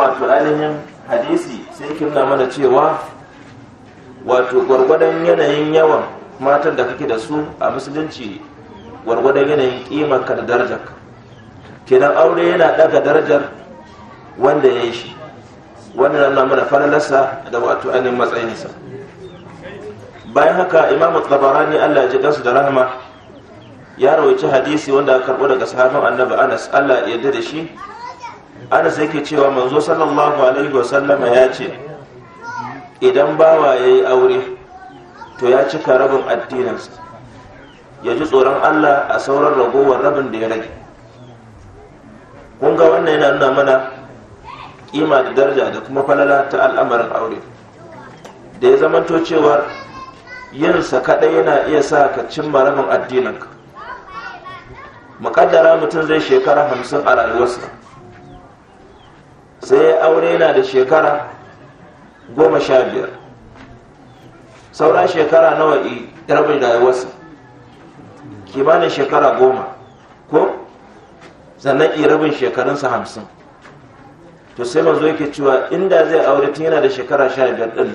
wato ainihin hadisi sai kirna mana cewa wato gwargwadon yanayin yawan matan da kake da su a musulunci gwargwadon yanayin ka da darajar kenan aure yana daga darajar wanda ya yi shi wannan na mana falalarsa da wato ainihin matsayinsa bayan haka imamu tsabarani allah ji gansu da rahama ya rawaici hadisi wanda aka karɓo daga sahabin annabi anas allah ya yarda da shi sai ke cewa manzo sallallahu alaihi wasallama ya ce idan bawa ya yi aure to ya cika rabin addininsa ya ji tsoron allah a sauran ragowar rabin da ya rage kun ga wannan yana nuna mana kima da daraja da kuma falala ta al'amarin aure da ya zamanto cewa yinsa kaɗai yana iya sa ka cimma rabin addininka muƙaddara mutum zai shekara hamsin a rayuwarsa sai aure na da shekara goma sha biyar saura shekara nawa rabin rayuwarsa kimanin shekara goma ko sannan rabin shekarunsa hamsin to sai mazo yake cewa inda zai aure tun yana da shekara sha biyar ɗin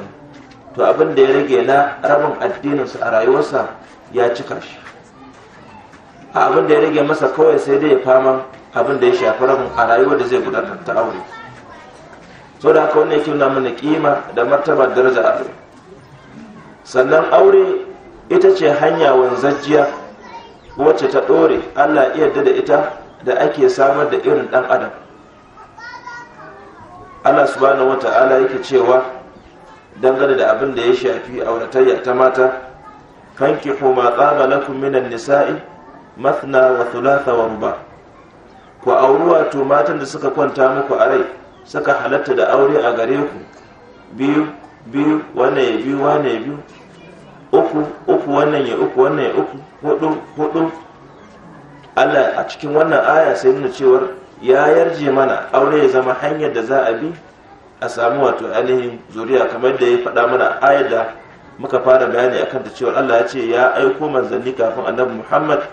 to abin da ya rage na rabin addininsa a rayuwarsa ya cika shi a abin da ya rage masa kawai sai dai ya fama abin da ya shafi rabin a rayuwar da zai gudanar ta aure saboda haka wannan yake nuna mana kima da martaba daraja a sannan aure ita ce hanya wanzajjiya wacce ta ɗore allah iya da ita da ake samar da irin ɗan adam allah subhanahu wata'ala yake cewa dangane da abin da ya shafi auratayya ta mata fankihu ma tsaba lakum minan nisa'i mathna wa thulatha wa ruba ku auri wato matan da suka kwanta muku a rai suka halatta da aure a gare ku biyu biyu wannan ya biyu wannan ya biyu uku uku wannan ya uku wannan ya uku hudu hudu Allah a cikin wannan aya sai nuna cewar ya yarje mana aure ya zama hanyar da za a bi a samu wato ainihin zuriya kamar da ya faɗa mana ayar da muka fara bayani akan ta cewa Allah ya ce ya aiko manzanni kafin annabi Muhammad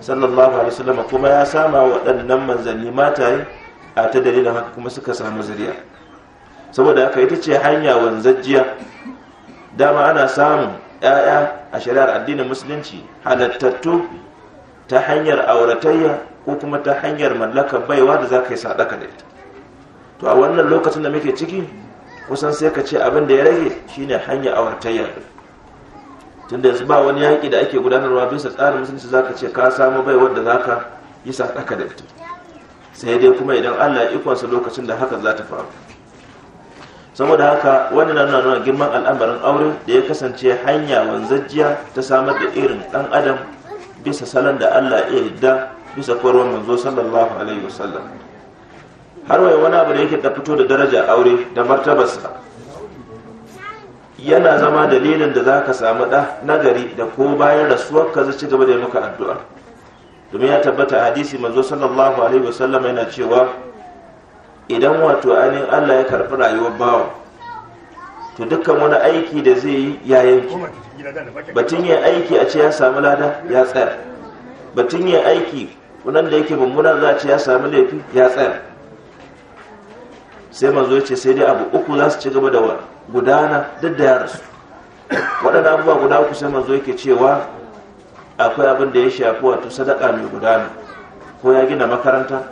sallallahu alaihi wasallam kuma ya sama waɗannan manzanni mataye a ta dalilin haka kuma suka samu zuriya saboda haka ita ce hanya wanzajjiya dama ana samun 'ya'ya a shari'ar addinin musulunci halattattu ta hanyar auratayya ko kuma ta hanyar mallaka baiwa da za ka yi sadaka da ita to a wannan lokacin da muke ciki kusan sai ka ce abin da ya rage shine hanya auratayya tunda yanzu ba wani yaƙi da ake gudanarwa bisa tsarin musulunci za ka ce ka samu baiwar da za ka yi sadaka da ita sai dai kuma idan Allah ya ikonsa lokacin da haka za ta faru saboda haka wani na nuna girman al'amarin aure da ya kasance hanya wanzajjiya ta samar da irin ɗan adam bisa salon da Allah ya yadda bisa koyarwar manzo sallallahu alaihi wasallam har wai wani abu da yake da fito da daraja aure da martabarsa yana zama dalilin da za ka samu ɗa nagari da ko bayan rasuwar ka zai ci gaba da yi maka addu'a domin ya tabbata hadisi manzo sallallahu alaihi wasallam yana cewa idan wato ainihin Allah ya karɓi rayuwar bawa to dukkan wani aiki da zai yi ya yanki batun yin aiki a ce ya samu lada ya tsaya batun yin aiki wannan da yake mummuna za a ce ya samu laifi ya tsaya sai manzo ya ce sai dai abu uku za su ci gaba da gudana duk da ya rasu waɗanda abubuwa guda uku sai manzo yake cewa akwai abin da ya shafi wato sadaka mai gudana ko ya gina makaranta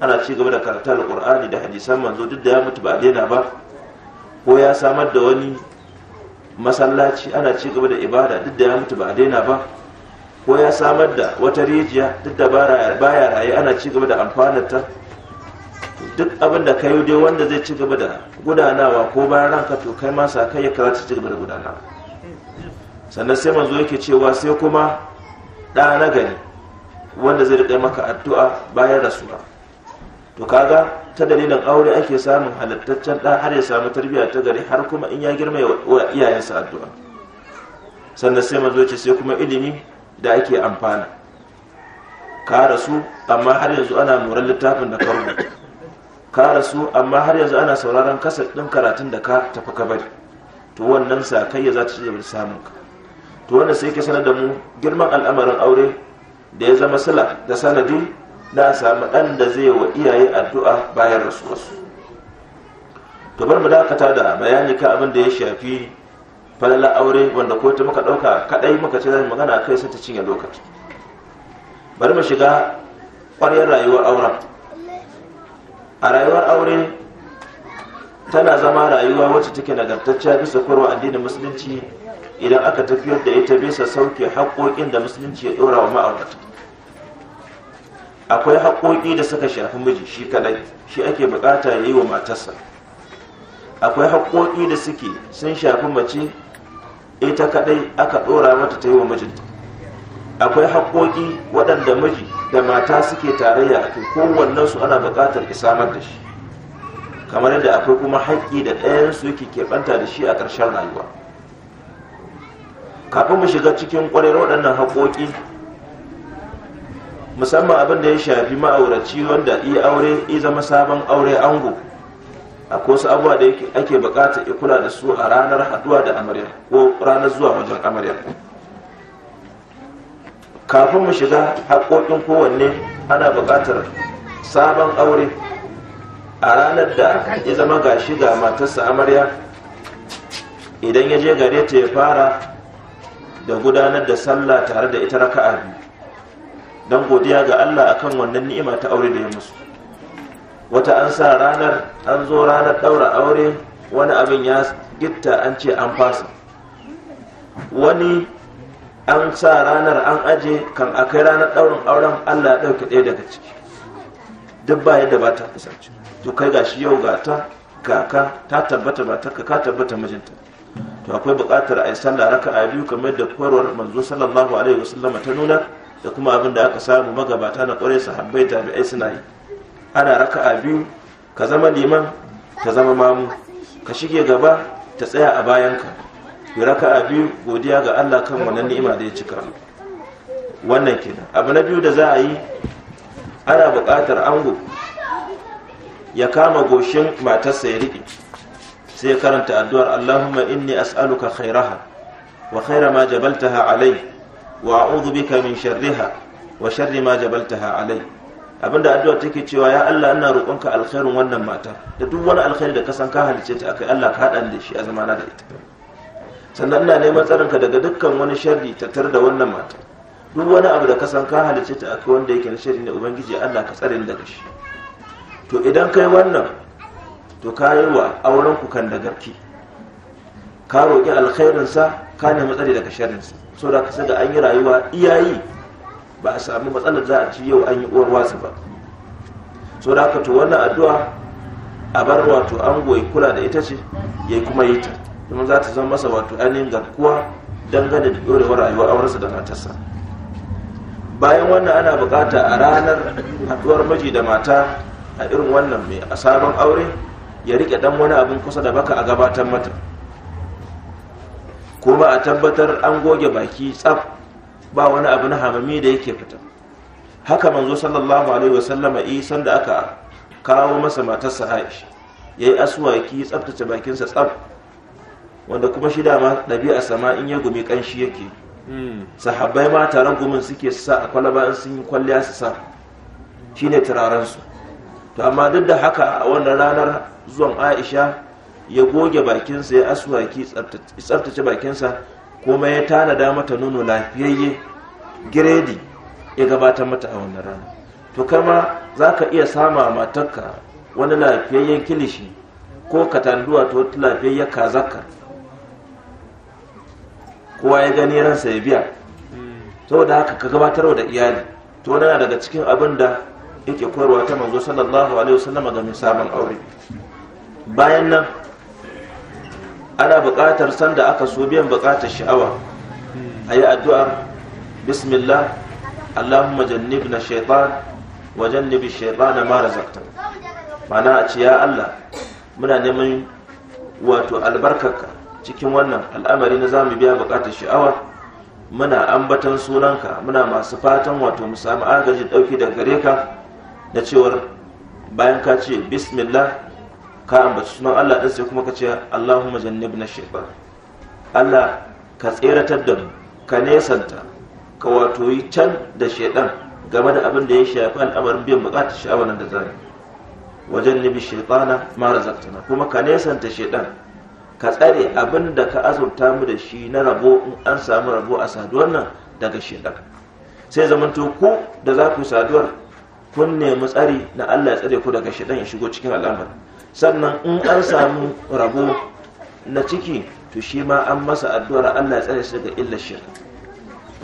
ana ci gaba da karatar Alƙur'ani da hadisan manzo duk da ya mutu ba daina ba ko ya samar da wani masallaci ana ci gaba da ibada duk da ya mutu ba daina ba ko ya samar da wata rijiya duk da baya raye ana ci gaba da amfanarta duk abin da ka yi dai wanda zai ci gaba da gudanawa ko bayan ranka to kai ma sa kai ya karata ci gaba da gudanawa sannan sai manzo yake cewa sai kuma ɗa na gari wanda zai riƙe maka addu'a bayan rasuwa to kaga ta dalilin aure ake samun halittaccen ɗa har ya samu tarbiyya ta gari har kuma in ya girma wa iyayensa addu'a sannan sai mazo ce sai kuma ilimi da ake amfana ka rasu amma har yanzu ana moran littafin da ka ka rasu amma har yanzu ana sauraron kasar ɗin karatun da ka tafi kabari to wannan sakayya za ta ci gaba da samun ka to wanda sai ke sanar da mu girman al'amarin aure da ya zama sala da sanadi na samu ɗan da zai wa iyaye addu'a bayan rasuwarsu to bar mu dakata da bayani ka abin da ya shafi falala aure wanda ko ta muka ɗauka kaɗai muka ce zai magana kai sai ta cinye lokaci bari mu shiga ƙwaryar rayuwar auren a rayuwar aure tana zama rayuwa wacce take nagartacciya bisa korwa addinin musulunci idan aka tafiyar da ita bisa sauke haƙoƙin da musulunci ya ɗora wa ma'aurata akwai haƙoƙi da suka shafi miji shi kaɗai shi ake buƙata ya yi wa matarsa akwai haƙoƙi da suke sun shafi mace ita kaɗai aka ɗora mata ta yi wa mijinta akwai haƙoƙi waɗanda miji da mata suke tarayya a kai kowannensu ana buƙatar isamar da shi kamar yadda akwai kuma haƙƙi da ɗayan ɗayansu yake keɓanta da shi a ƙarshen rayuwa kafin mu shiga cikin ƙwararra waɗannan haƙoƙi musamman abin da ya shafi ma'auraci wanda iya aure iya zama sabon aure ango a wasu abuwa da ake bukata ya kula da su a ranar haduwa da amarya ko ranar zuwa wajen amarya kafin mu shiga haƙoƙin kowanne ana buƙatar sabon aure a ranar da ya zama gashi ga matarsa amarya idan ya je gare ta ya fara da gudanar da sallah tare da ita raka'a biyu don godiya ga Allah akan wannan ni'ima ta aure da ya musu wata an sa ranar an zo ranar ɗaura aure wani abin ya gitta an ce an fasa wani an sa ranar an aje kan akai ranar ɗaurin auren Allah ya ɗauke ɗaya daga ciki duk ba yadda ba ta kasance to kai gashi yau ga ta kaka ta tabbata ba ta ka tabbata mijinta to akwai buƙatar a yi sallah a biyu kamar da kwarwar manzo sallallahu alaihi wasallam ta nuna da kuma abin da aka samu magabata na ƙwarai sahabbai tabi'ai suna yi ana a biyu ka zama liman ta zama mamu ka shige gaba ta tsaya a bayanka raka a biyu godiya ga Allah kan wannan ni'ima da ya cika wannan kenan abu na biyu da za a yi ana buƙatar ango ya kama goshin matarsa ya riƙe sai karanta addu'ar Allahumma inni as'aluka khairaha wa khaira ma ha alai wa a'udhu bika min sharriha wa sharri ma ha alai abinda addu'a take cewa ya Allah ina roƙonka alkhairun wannan mata da duk wani alkhairi da ka san ka halice ta akai Allah ka haɗa da shi a zamana da ita sannan ina neman tsarinka daga dukkan wani sharri tare da wannan mata duk wani abu da ka san ka halice ta akai wanda yake na sharri ne ubangiji Allah ka tsare daga shi to idan kai wannan to ka yi wa auren ku kan da garki ka roƙi alkhairinsa ka nemi tsari daga sharinsa, so da kasa ga an yi rayuwa iyayi ba a sami matsalar za a ci yau an yi uwar wasu ba so da haka to wannan addu'a a bar wato an goyi kula da ita ce ya kuma yi ta kuma za ta zama masa wato ainihin garkuwa dangane da ɗorewar rayuwar aurensa da matarsa bayan wannan ana bukata a ranar haɗuwar miji da mata a irin wannan mai a sabon aure ya rike dan wani abin kusa da baka a gabatar mata kuma a tabbatar an goge baki tsaf ba wani abin hamami da yake fita haka manzo sallallahu alaihi wasallama isan da aka kawo masa matarsa aisha yayi aswaki tsaftace bakinsa tsaf wanda kuma shi ma dabi'a sama in ya gumi kanshi yake hmm. sahabbai ma tare gumin suke sa a kwalaba in sun yi kwalliya su sa shine su. to amma duk da haka a wannan ranar zuwan aisha ya goge bakinsa ya aswaki tsabtace bakinsa kuma ya tanada mata nono lafiyayye giredi ya gabatar mata a wannan rana to kama za ka iya sama matarka wani lafiyayyen kilishi ko katanduwa ta wata lafiyayyen kazakka kowa ya gani ransa ya biya hmm. saboda haka ka gabatarwa da iyali to nana daga cikin abin da yake koyarwa ta manzo sallallahu alaihi wasallam ga mai sabon aure bayan nan ana buƙatar sanda aka so biyan buƙatar sha'awa ayi addu'a bismillah allahumma jannibna shaytan wa jannibi shaitana ma razaqta mana a ce ya allah muna neman wato albarkarka cikin wannan al'amari na zamu biya buƙatar sha'awa muna ambatan sunanka muna masu fatan wato mu samu agajin ɗauki daga gare ka na cewar bayan ka ce bismillah ka ambaci sunan Allah ɗin sai kuma ka ce Allahumma na shekwa Allah ka tseratar da ka nesanta ka wato yi can da shekwan game da abin da ya shafi al'amarin biyan bukatar sha'awar da zai wajen nibi shekwana mara zartana kuma ka nesanta shekwan ka tsare abin da ka azurta mu da shi na rabo in an samu rabo a saduwar nan daga shekwan sai zamanto ku da za ku saduwar kun nemi tsari na Allah ya tsare ku daga shaidan ya shigo cikin al'amari sannan in an samu rabo na ciki to shi ma an masa addu'ar Allah ya tsare shi daga illar shi.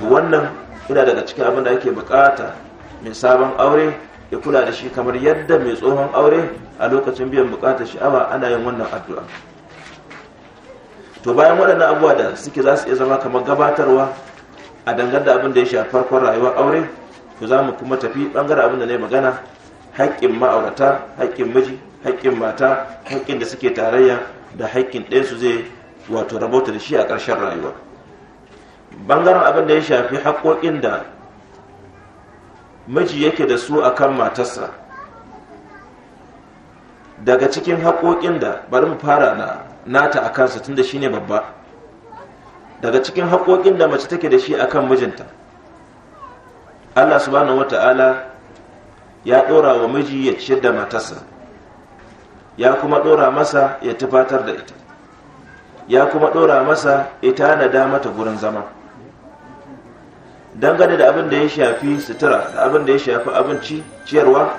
wannan ina daga cikin abin da ake bukata mai sabon aure ya kula da shi kamar yadda mai tsohon aure a lokacin biyan bukatar sha'awa ana yin wannan addu'a to bayan waɗannan abubuwa da suke za su iya zama kamar gabatarwa a dangar da abin da ya shafi farkon rayuwar aure to za mu kuma tafi bangare abinda da na magana haƙƙin ma'aurata haƙƙin miji haƙƙin mata haƙƙin da suke tarayya da haƙƙin ɗayansu zai wato rabota da shi a ƙarshen rayuwa bangaren abin da ya shafi haƙƙoƙin da miji yake da su akan matarsa daga cikin haƙoƙin da bari mu fara na nata a kansa tunda shine babba daga cikin haƙoƙin da mace take da shi akan mijinta Allah subhanahu wata'ala ya ɗora wa miji ya ciyar da matarsa ya kuma ɗora masa ya tufatar da ita ya kuma ɗora masa ita na da mata gurin zama dangane da abin da ya shafi sutura da abin da ya shafi abinci ciyarwa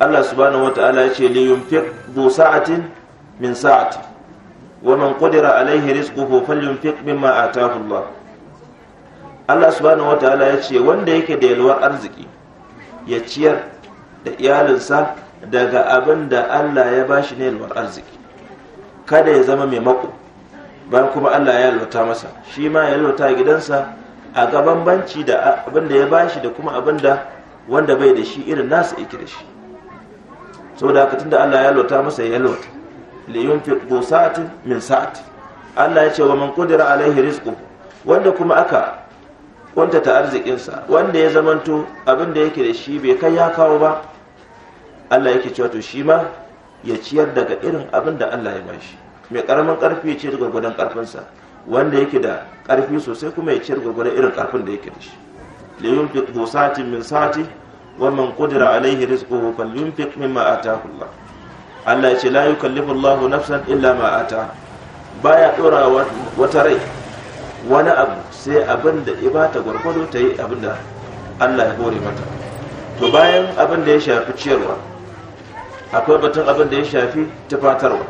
Allah subhanahu wata'ala ya ce li yunfiq du sa'atin min sa'ati wa man qadira alaihi rizquhu falyunfiq mimma ataahu Allah Allah subhanahu wataala ya ce wanda yake da yalwa arziki ya ciyar da iyalinsa daga abin da Allah ya bashi ne yalwar arziki kada ya zama mai mako bayan kuma Allah ya yalwata masa shi ma ya yalwata gidansa a gaban banci da abin da ya bashi da kuma abin da wanda bai da shi irin nasa yake da shi saboda haka tunda Allah ya yalwata masa ya yalwata li yunfiq du sa'atin min sa'ati Allah ya ce wa man qadira alaihi rizqu wanda kuma aka kuntata arzikinsa wanda ya zamanto abin da yake da shi bai kai ya kawo ba Allah yake cewa to shi ma ya ciyar daga irin abin da Allah ya bashi mai karamin karfi ya ciyar gwargwadon karfinsa wanda yake da karfi sosai kuma ya ciyar gwargwadon irin karfin da yake da shi li yunfiq dhu sa'atin min sa'ati wa man qadira alayhi rizquhu falyunfiq mimma ataahu Allah Allah ya ce la yukallifu Allahu nafsan illa ma ata baya dora wata rai wani abu sai abin da ya bata gwargwado ta yi abin da Allah ya hore mata to bayan abin da ya shafi ciyarwa akwai batun abin da ya shafi tufatarwa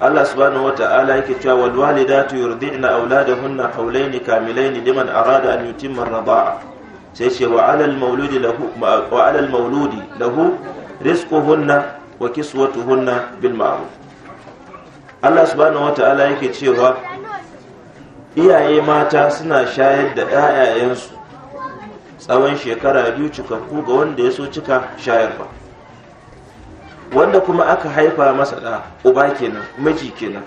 Allah subhanahu ala yake cewa wal walidatu yurdina auladahunna hawlayn kamilayn liman arada an yutimma ar-rida'a sai ce wa 'alal mawludi lahu wa 'alal mawludi lahu rizquhunna wa kiswatuhunna bil ma'ruf Allah subhanahu wata'ala yake cewa iyaye mata suna shayar da 'ya'yayensu tsawon shekara biyu cikakku ga wanda ya so cika shayarwa wanda kuma aka haifa masa da uba kenan miji kenan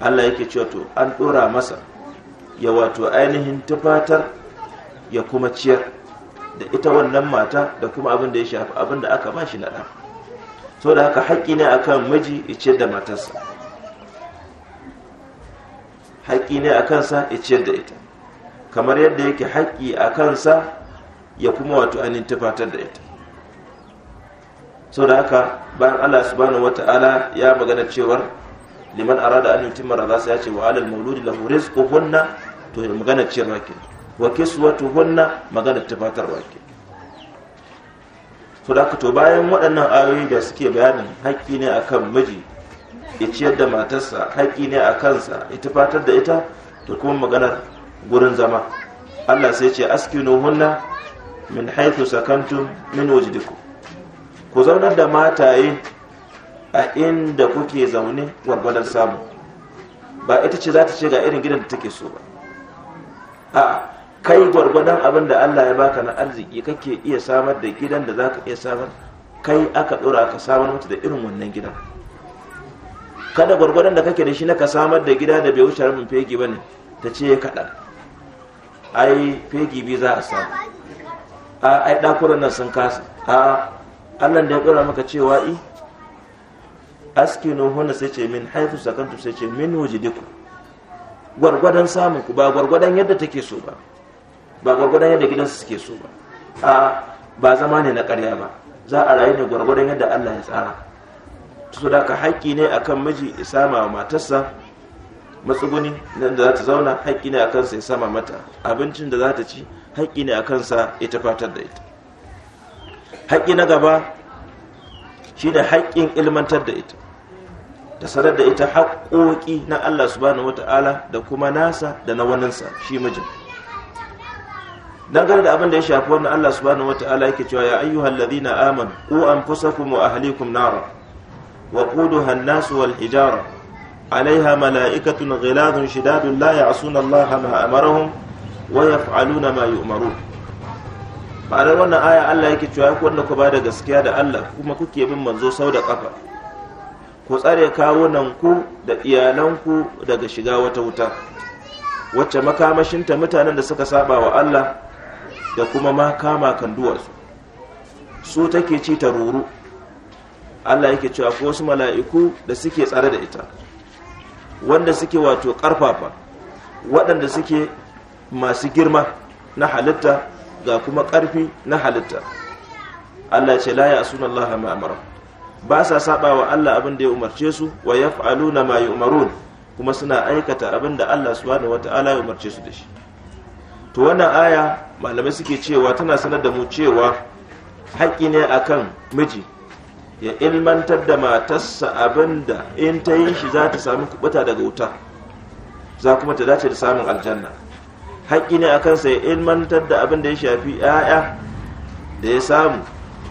allah yake ce to an ɗora masa ya wato ainihin tufatar ya kuma ciyar da ita wannan mata da kuma abin da ya shafi abin da aka ba shi na ɗa so da haka haƙƙi ne akan miji ya ciyar da matarsa haƙƙi ne a kansa ya ciyar da ita kamar yadda yake haƙƙi a kansa ya kuma wato ainihin tafatar da ita sau da haka bayan allah subhanahu wata'ala ya magana cewar liman arada an yutimma razasa ya ce wa alal mauludi lahu hunna to magana ciyarwa ke wa hunna magana wa ke to da haka to bayan waɗannan ayoyi da suke bayanin haƙƙi ne akan miji ya ciyar da matarsa haƙƙi ne a kansa ita fatar da ita da kuma maganar gurin zama Allah sai ce askinu hunna min haithu sakantum min wajidiku ku zaunar da mataye a inda kuke zaune gwargwadon samu ba ita ce za ta ce ga irin gidan da take so ba a kai gwargwadon abin da Allah ya baka na arziki kake iya samar da gidan da za ka iya samar kai aka ɗora ka samar mata da irin wannan gidan kada gwargwadon da kake da shi na ka samar da gida da bai wuce rabin fegi ba ne ta ce kaɗa ai fegi bi za a sa a ai ɗakuran nan sun kasa a allah da ya ƙura maka cewa i askinu hunna sai ce min haifu sakantu sai ce min wujidiku gwargwadon samun ku ba gwargwadon yadda take so ba ba gwargwadon yadda gidansu suke so ba a ba zama ne na ƙarya ba za a rayu ne gwargwadon yadda allah ya tsara su da ka haƙƙi ne akan miji ya sama wa matarsa matsuguni nan da za ta zauna haƙƙi ne akan sa ya sama mata abincin da za ta ci haƙƙi ne akan sa ya tafatar da ita haƙƙi na gaba shi da haƙƙin ilmantar da ita da sanar da ita haƙƙoƙi na Allah subhanahu wata'ala da kuma nasa da na waninsa shi mijin dangane da abin da ya shafi wannan Allah subhanahu wata'ala yake cewa ya ayyuhal ladina amanu ku anfusakum wa ahlikum nara وقودها الناس والحجارة عليها ملائكة غلاظ شداد لا يعصون الله ما أمرهم ويفعلون ما يؤمرون ma'anar wannan aya Allah yake cewa ku wanda ku ba da gaskiya da Allah kuma kuke bin manzo sau da kafa ku tsare kawunan ku da iyalanku daga shiga wata wuta wacce makamashinta mutanen da suka saba wa Allah da kuma makama kan duwarsu su take ci ta ruru Allah yake cewa ko wasu mala'iku da suke tsare da ita wanda suke wato karfafa waɗanda suke masu girma na halitta ga kuma ƙarfi na halitta Allah ce la ya sunan Allah ma amara ba sa saba wa Allah abin da ya umarce su wa yaf'aluna ma yu'marun kuma suna aikata abin da Allah subhanahu wata'ala ya umarce su da shi to wannan aya malamai suke cewa tana sanar da mu cewa haƙƙi ne akan miji ya ilmantar da matarsa abinda in ta yi shi za ta sami kubuta daga wuta za kuma ta dace da samun aljanna haƙƙi ne a kansa ya ilmantar da abin da ya shafi 'ya'ya da ya samu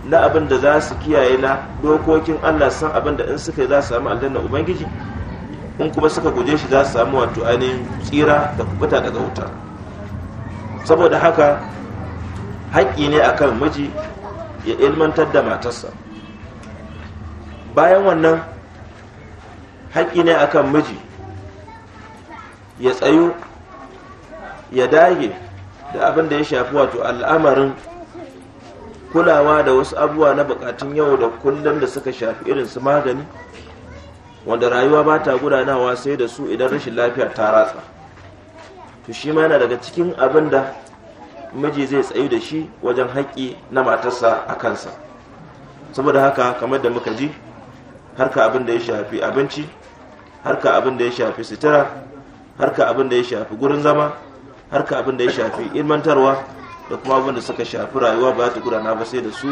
na abin da za su kiyaye na dokokin allah san abin da in suka yi za su samu aljanna ubangiji in kuma suka guje shi za su samu wato ainihin tsira da kubuta daga wuta saboda haka haƙƙi ne akan miji ya ilmantar da matarsa bayan wannan haƙƙi ne akan miji ya tsayu ya dage da abin da ya shafi wato al'amarin kulawa da wasu abubuwa na bukatun yau da kullum da suka shafi irin su magani wanda rayuwa ba ta gudanawa sai da su idan rashin lafiya ta ratsa to shi ma yana daga cikin abin da miji zai tsayu da shi wajen haƙƙi na matarsa a kansa saboda haka kamar da muka ji harka abin da ya shafi abinci harka abin da ya shafi sitira harka abin da ya shafi gurin zama harka abin da ya shafi ilmantarwa da kuma abin da suka shafi rayuwa ba ta gudana ba sai da su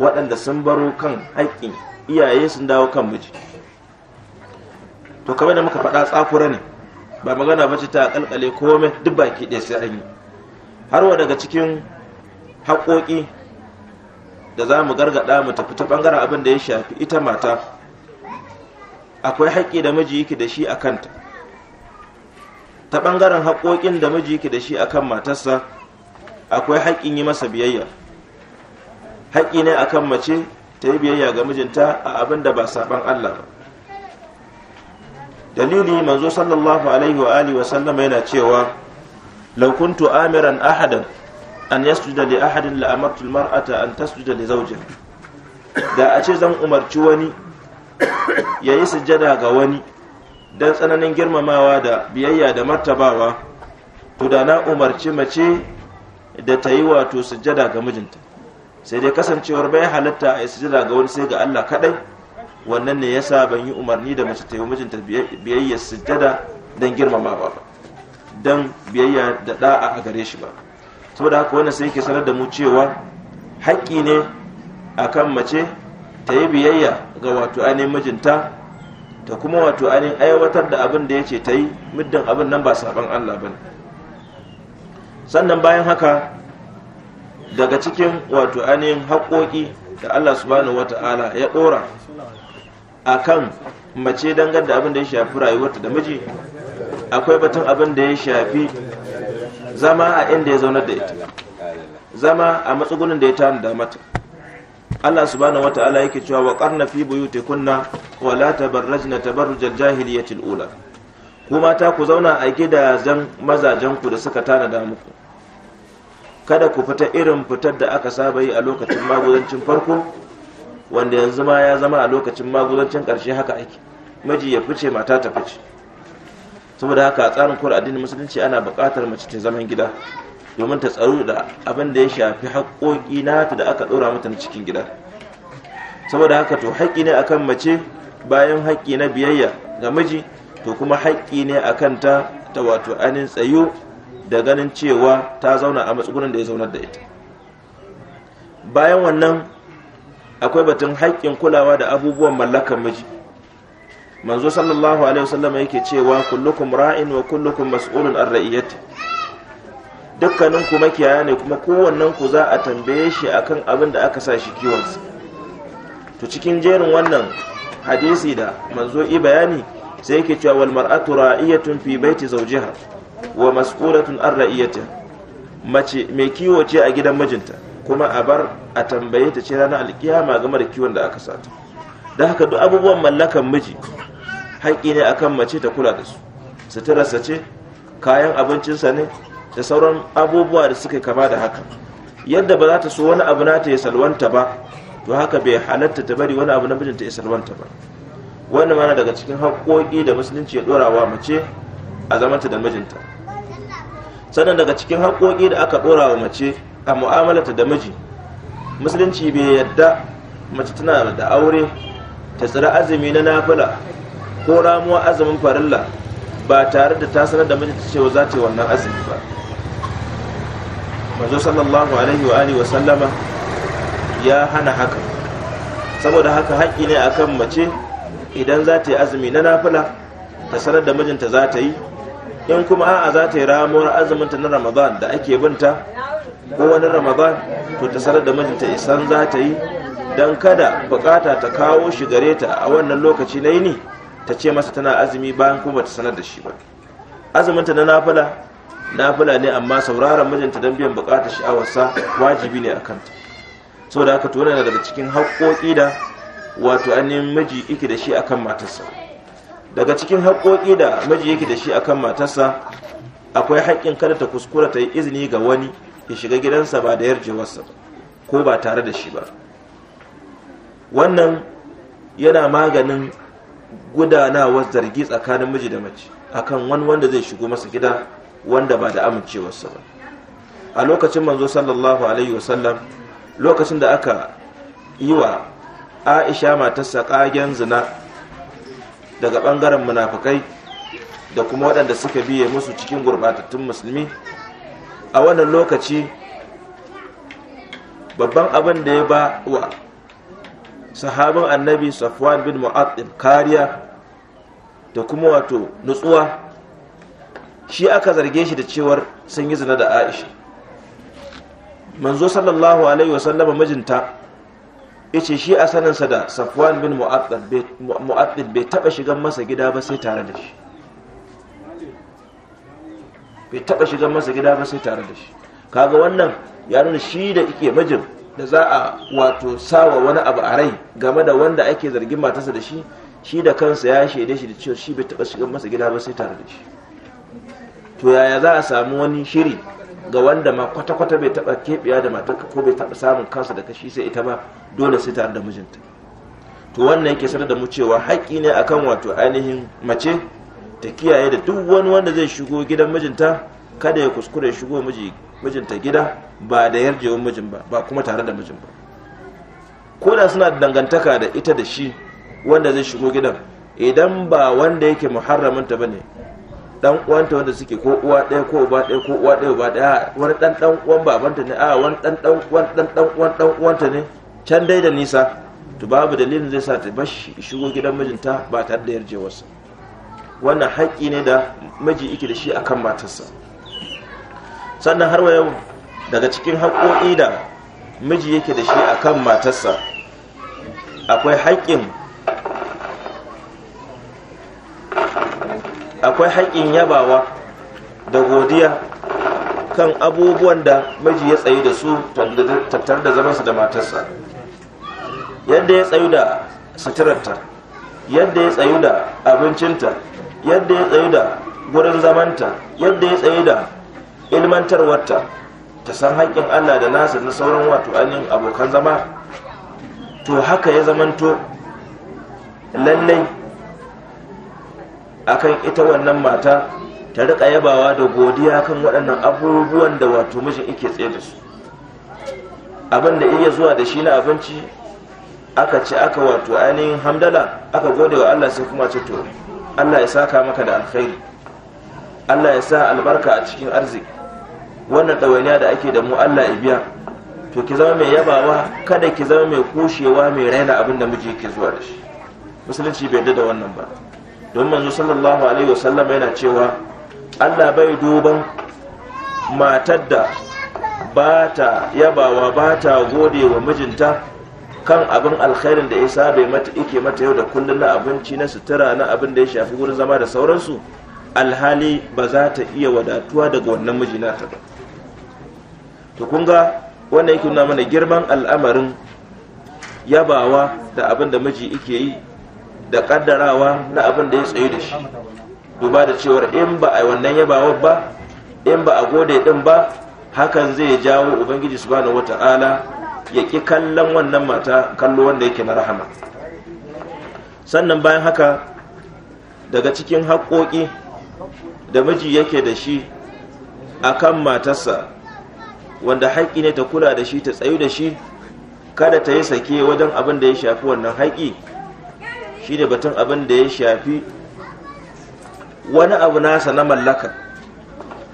waɗanda sun baro kan haƙƙi iyaye sun dawo kan miji to kamar da muka faɗa tsakura ne ba magana ba ta kalkale komai duk baki ɗaya sai an yi har wa daga cikin haƙoƙi da za mu gargaɗa mu tafi ta ɓangaren abin da ya shafi ita mata akwai haƙƙi da miji yake da shi a kanta ta ɓangaren haƙoƙin da miji yake da shi a kan matarsa akwai haƙƙin yi masa biyayya haƙƙi ne a kan mace ta yi biyayya ga mijinta a abin da ba saɓan Allah ba dalili manzo sallallahu alaihi wa alihi wa sallama yana cewa law kuntu amiran ahadan an yasjuda li ahadin la marata an tasjuda li zawjiha da a ce zan umarci wani ya yi sujjada ga wani don tsananin girmamawa da biyayya da martabawa to na umarci mace da ta yi wato sujada ga mijinta sai dai kasancewar bai halatta a yi sujada ga wani sai ga Allah kaɗai wannan ne yasa ban yi umarni da mace ta yi mijinta biyayya sujada don girmamawa ba don biyayya da ɗa'a a gare shi ba saboda haka wannan sai ke sanar da mu cewa haƙƙi ne akan mace ta yi biyayya ga wato ainihin mijinta ta kuma wato ainihin aiwatar da abin da ya ce ta yi muddin abin nan ba saban Allah ba sannan bayan haka daga cikin wato ainihin haƙoƙi da Allah subhanahu wata'ala ya ɗora a kan mace dangar da abin da ya shafi rayuwarta da miji akwai batun abin da ya shafi zama a inda ya zaunar da ita zama a matsugunin da ya tanu da mata Allah subhanahu wata'ala yake cewa wa qarna fi buyutikunna wa la tabarrajna tabarrujal al ula Kuma ta ku zauna a gidajen mazajen ku da suka tanada muku kada ku fita irin fitar da aka saba yi a lokacin maguzancin farko wanda yanzu ma ya zama a lokacin maguzancin karshe haka ake miji ya fice mata ta fice saboda haka a tsarin kur addinin musulunci ana buƙatar mace ta zaman gida domin ta tsaro da abin da ya shafi haƙoƙi nata da aka ɗora mata na cikin gida saboda haka to haƙƙi ne akan mace bayan haƙƙi na biyayya ga miji to kuma haƙƙi ne akan ta ta wato anin tsayo da ganin cewa ta zauna a matsugunan da ya zaunar da ita bayan wannan akwai batun haƙƙin kulawa da abubuwan mallakan miji manzo sallallahu alaihi wasallam yake cewa kullukum ra'in wa kullukum mas'ulun an dukkanin ku makiyaya ne kuma kowannen ku za a tambaye shi akan abin da aka sa shi kiwonsa to cikin jerin wannan hadisi da manzo i bayani sai yake cewa wal mar'atu ra'iyatun fi baiti zawjiha wa mas'ulatun an ra'iyatiha mace mai kiwo ce a gidan mijinta kuma a bar a tambaye ta ce ranar alkiyama game da kiwon da aka sata da haka duk abubuwan mallakan miji haƙƙi ne akan mace ta kula da su suturarsa ce kayan abincinsa ne da sauran abubuwa da suka kama da haka yadda ba za ta so wani abu nata ya salwanta ba to haka bai halatta ta bari wani abu na mijinta ya salwanta ba wannan mana daga cikin haƙoƙi da musulunci ya ɗora wa mace a zamanta da mijinta sannan daga cikin haƙoƙi da aka ɗora wa mace a mu'amalata da miji musulunci bai yadda mace tana da aure ta tsira azumi na nafila ko ramuwa azumin farilla ba tare da ta sanar da mijinta cewa za ta yi wannan azumi ba manzo sallallahu alaihi wa alihi wa sallama ya hana haka saboda haka haƙƙi ne akan mace idan za ta yi azumi na nafila ta sanar da mijinta za ta yi in kuma a'a za ta yi ramuwar azuminta na ramadan da ake binta ko wani ramadan to ta sanar da mijinta isan za ta yi don kada bukata ta kawo shi gare ta a wannan lokaci na yini ta ce masa tana azumi bayan kuma ta sanar da shi ba azuminta na nafila nafila ne amma sauraron mijinta don biyan bukatar sha'awarsa wajibi ne a kanta so da haka tona daga cikin haƙoƙi da wato ainihin miji yake da shi akan matarsa daga cikin haƙoƙi da miji yake da shi akan matarsa akwai haƙƙin kada ta kuskura ta yi izini ga wani ya shiga gidansa ba da yarjewarsa ko ba tare da shi ba wannan yana maganin gudanawar zargi tsakanin miji da mace akan wani wanda zai shigo masa gida wanda ba da amincewarsa ba a lokacin manzo sallallahu alaihi wasallam lokacin da aka yi wa aisha matarsa kagen zina daga bangaren munafukai da kuma waɗanda suka biye musu cikin gurɓatattun musulmi a wannan lokaci babban abin da ya ba wa sahabin annabi safwan bin mu'addin kariya da kuma wato nutsuwa shi aka zarge shi da cewar sun yi zina da aisha manzo sallallahu alaihi wasallama mijinta ya ce shi a saninsa da safwan bin mu'addid bai taɓa shigan masa gida ba sai tare da shi bai taba shigan masa gida ba sai tare da shi kaga wannan ya nuna shi da ike mijin da za a wato sawa wani abu a rai game da wanda ake zargin matarsa da shi shi da kansa ya shaide shi da cewa shi bai taɓa shigan masa gida ba sai tare da shi to yaya za a samu wani shiri ga wanda ma kwata-kwata bai taba kebiya da matarka ko bai taba samun kansa da kashi sai ita ba dole sai tare da mijinta to wannan yake sanar da mu cewa haƙƙi ne akan wato ainihin mace ta kiyaye da duk wani wanda zai shigo gidan mijinta kada ya kuskure shigo mijinta gida ba da yarjewar mijin ba ba kuma tare da mijin ba ko da suna dangantaka da ita da shi wanda zai shigo gidan idan ba wanda yake muharraminta ba ne dan uwanta wanda suke ko uwa ɗaya ko uba ɗaya ko uwa ɗaya uba ɗaya wani dan dan uwan babanta ne a wani dan dan uwan dan dan uwan dan uwanta ne can dai da nisa to babu dalilin zai sa ta bar shigo gidan mijinta ba tare da yarjewarsa wannan haƙƙi ne da miji yake da shi akan matarsa sannan har wa yau daga cikin haƙƙoƙi da miji yake da shi akan matarsa akwai haƙƙin akwai haƙƙin yabawa da godiya kan abubuwan da miji ya tsayi da su tattar da zamansa da matarsa yadda ya tsayu da suturarta yadda ya tsayu da abincinta yadda ya tsayu da gurin zamanta yadda ya tsayi da ilmantarwarta ta san haƙƙin allah da nasa na sauran wato ainihin abokan zama to haka ya zamanto lallai akan ita wannan mata ta rika yabawa da godiya kan waɗannan abubuwan da wato mijin yake tsaye da su abin da iya zuwa da shi na abinci aka ci aka wato ainihin hamdala aka gode wa Allah sai kuma ce to Allah ya saka maka da alkhairi Allah ya sa albarka a cikin arziki wannan ɗawainiya da ake da mu Allah ya biya to ki zama mai yabawa kada ki zama mai kushewa mai raina abin da miji yake zuwa da shi musulunci bai da wannan ba don manzo sallallahu alaihi sallama yana cewa Allah bai duban matar da ba ta yabawa ba ta gode wa mijinta kan abin alkhairin da ya sabe mata ike mata yau da kullum na abinci na sutura na abin da ya shafi wurin zama da sauransu alhali ba za ta iya wadatuwa daga wannan mijina ta ba to kun ga wannan yake nuna mana girman al'amarin yabawa da abin da miji yake yi da kaddarawa na abin da ya tsayu da shi duba da cewar in ba a wannan yabawa ba in ba a gode din ba hakan zai jawo ubangiji subhanahu wata'ala ya ki kallon wannan mata kallo wanda yake na rahama sannan bayan haka daga cikin haƙoƙi da miji yake da shi a kan matarsa wanda haƙƙi ne ta kula da shi ta tsayu da shi kada ta yi sake wajen abin da ya shafi wannan haƙƙi Shi da batun abin da ya shafi wani abu nasa na mallaka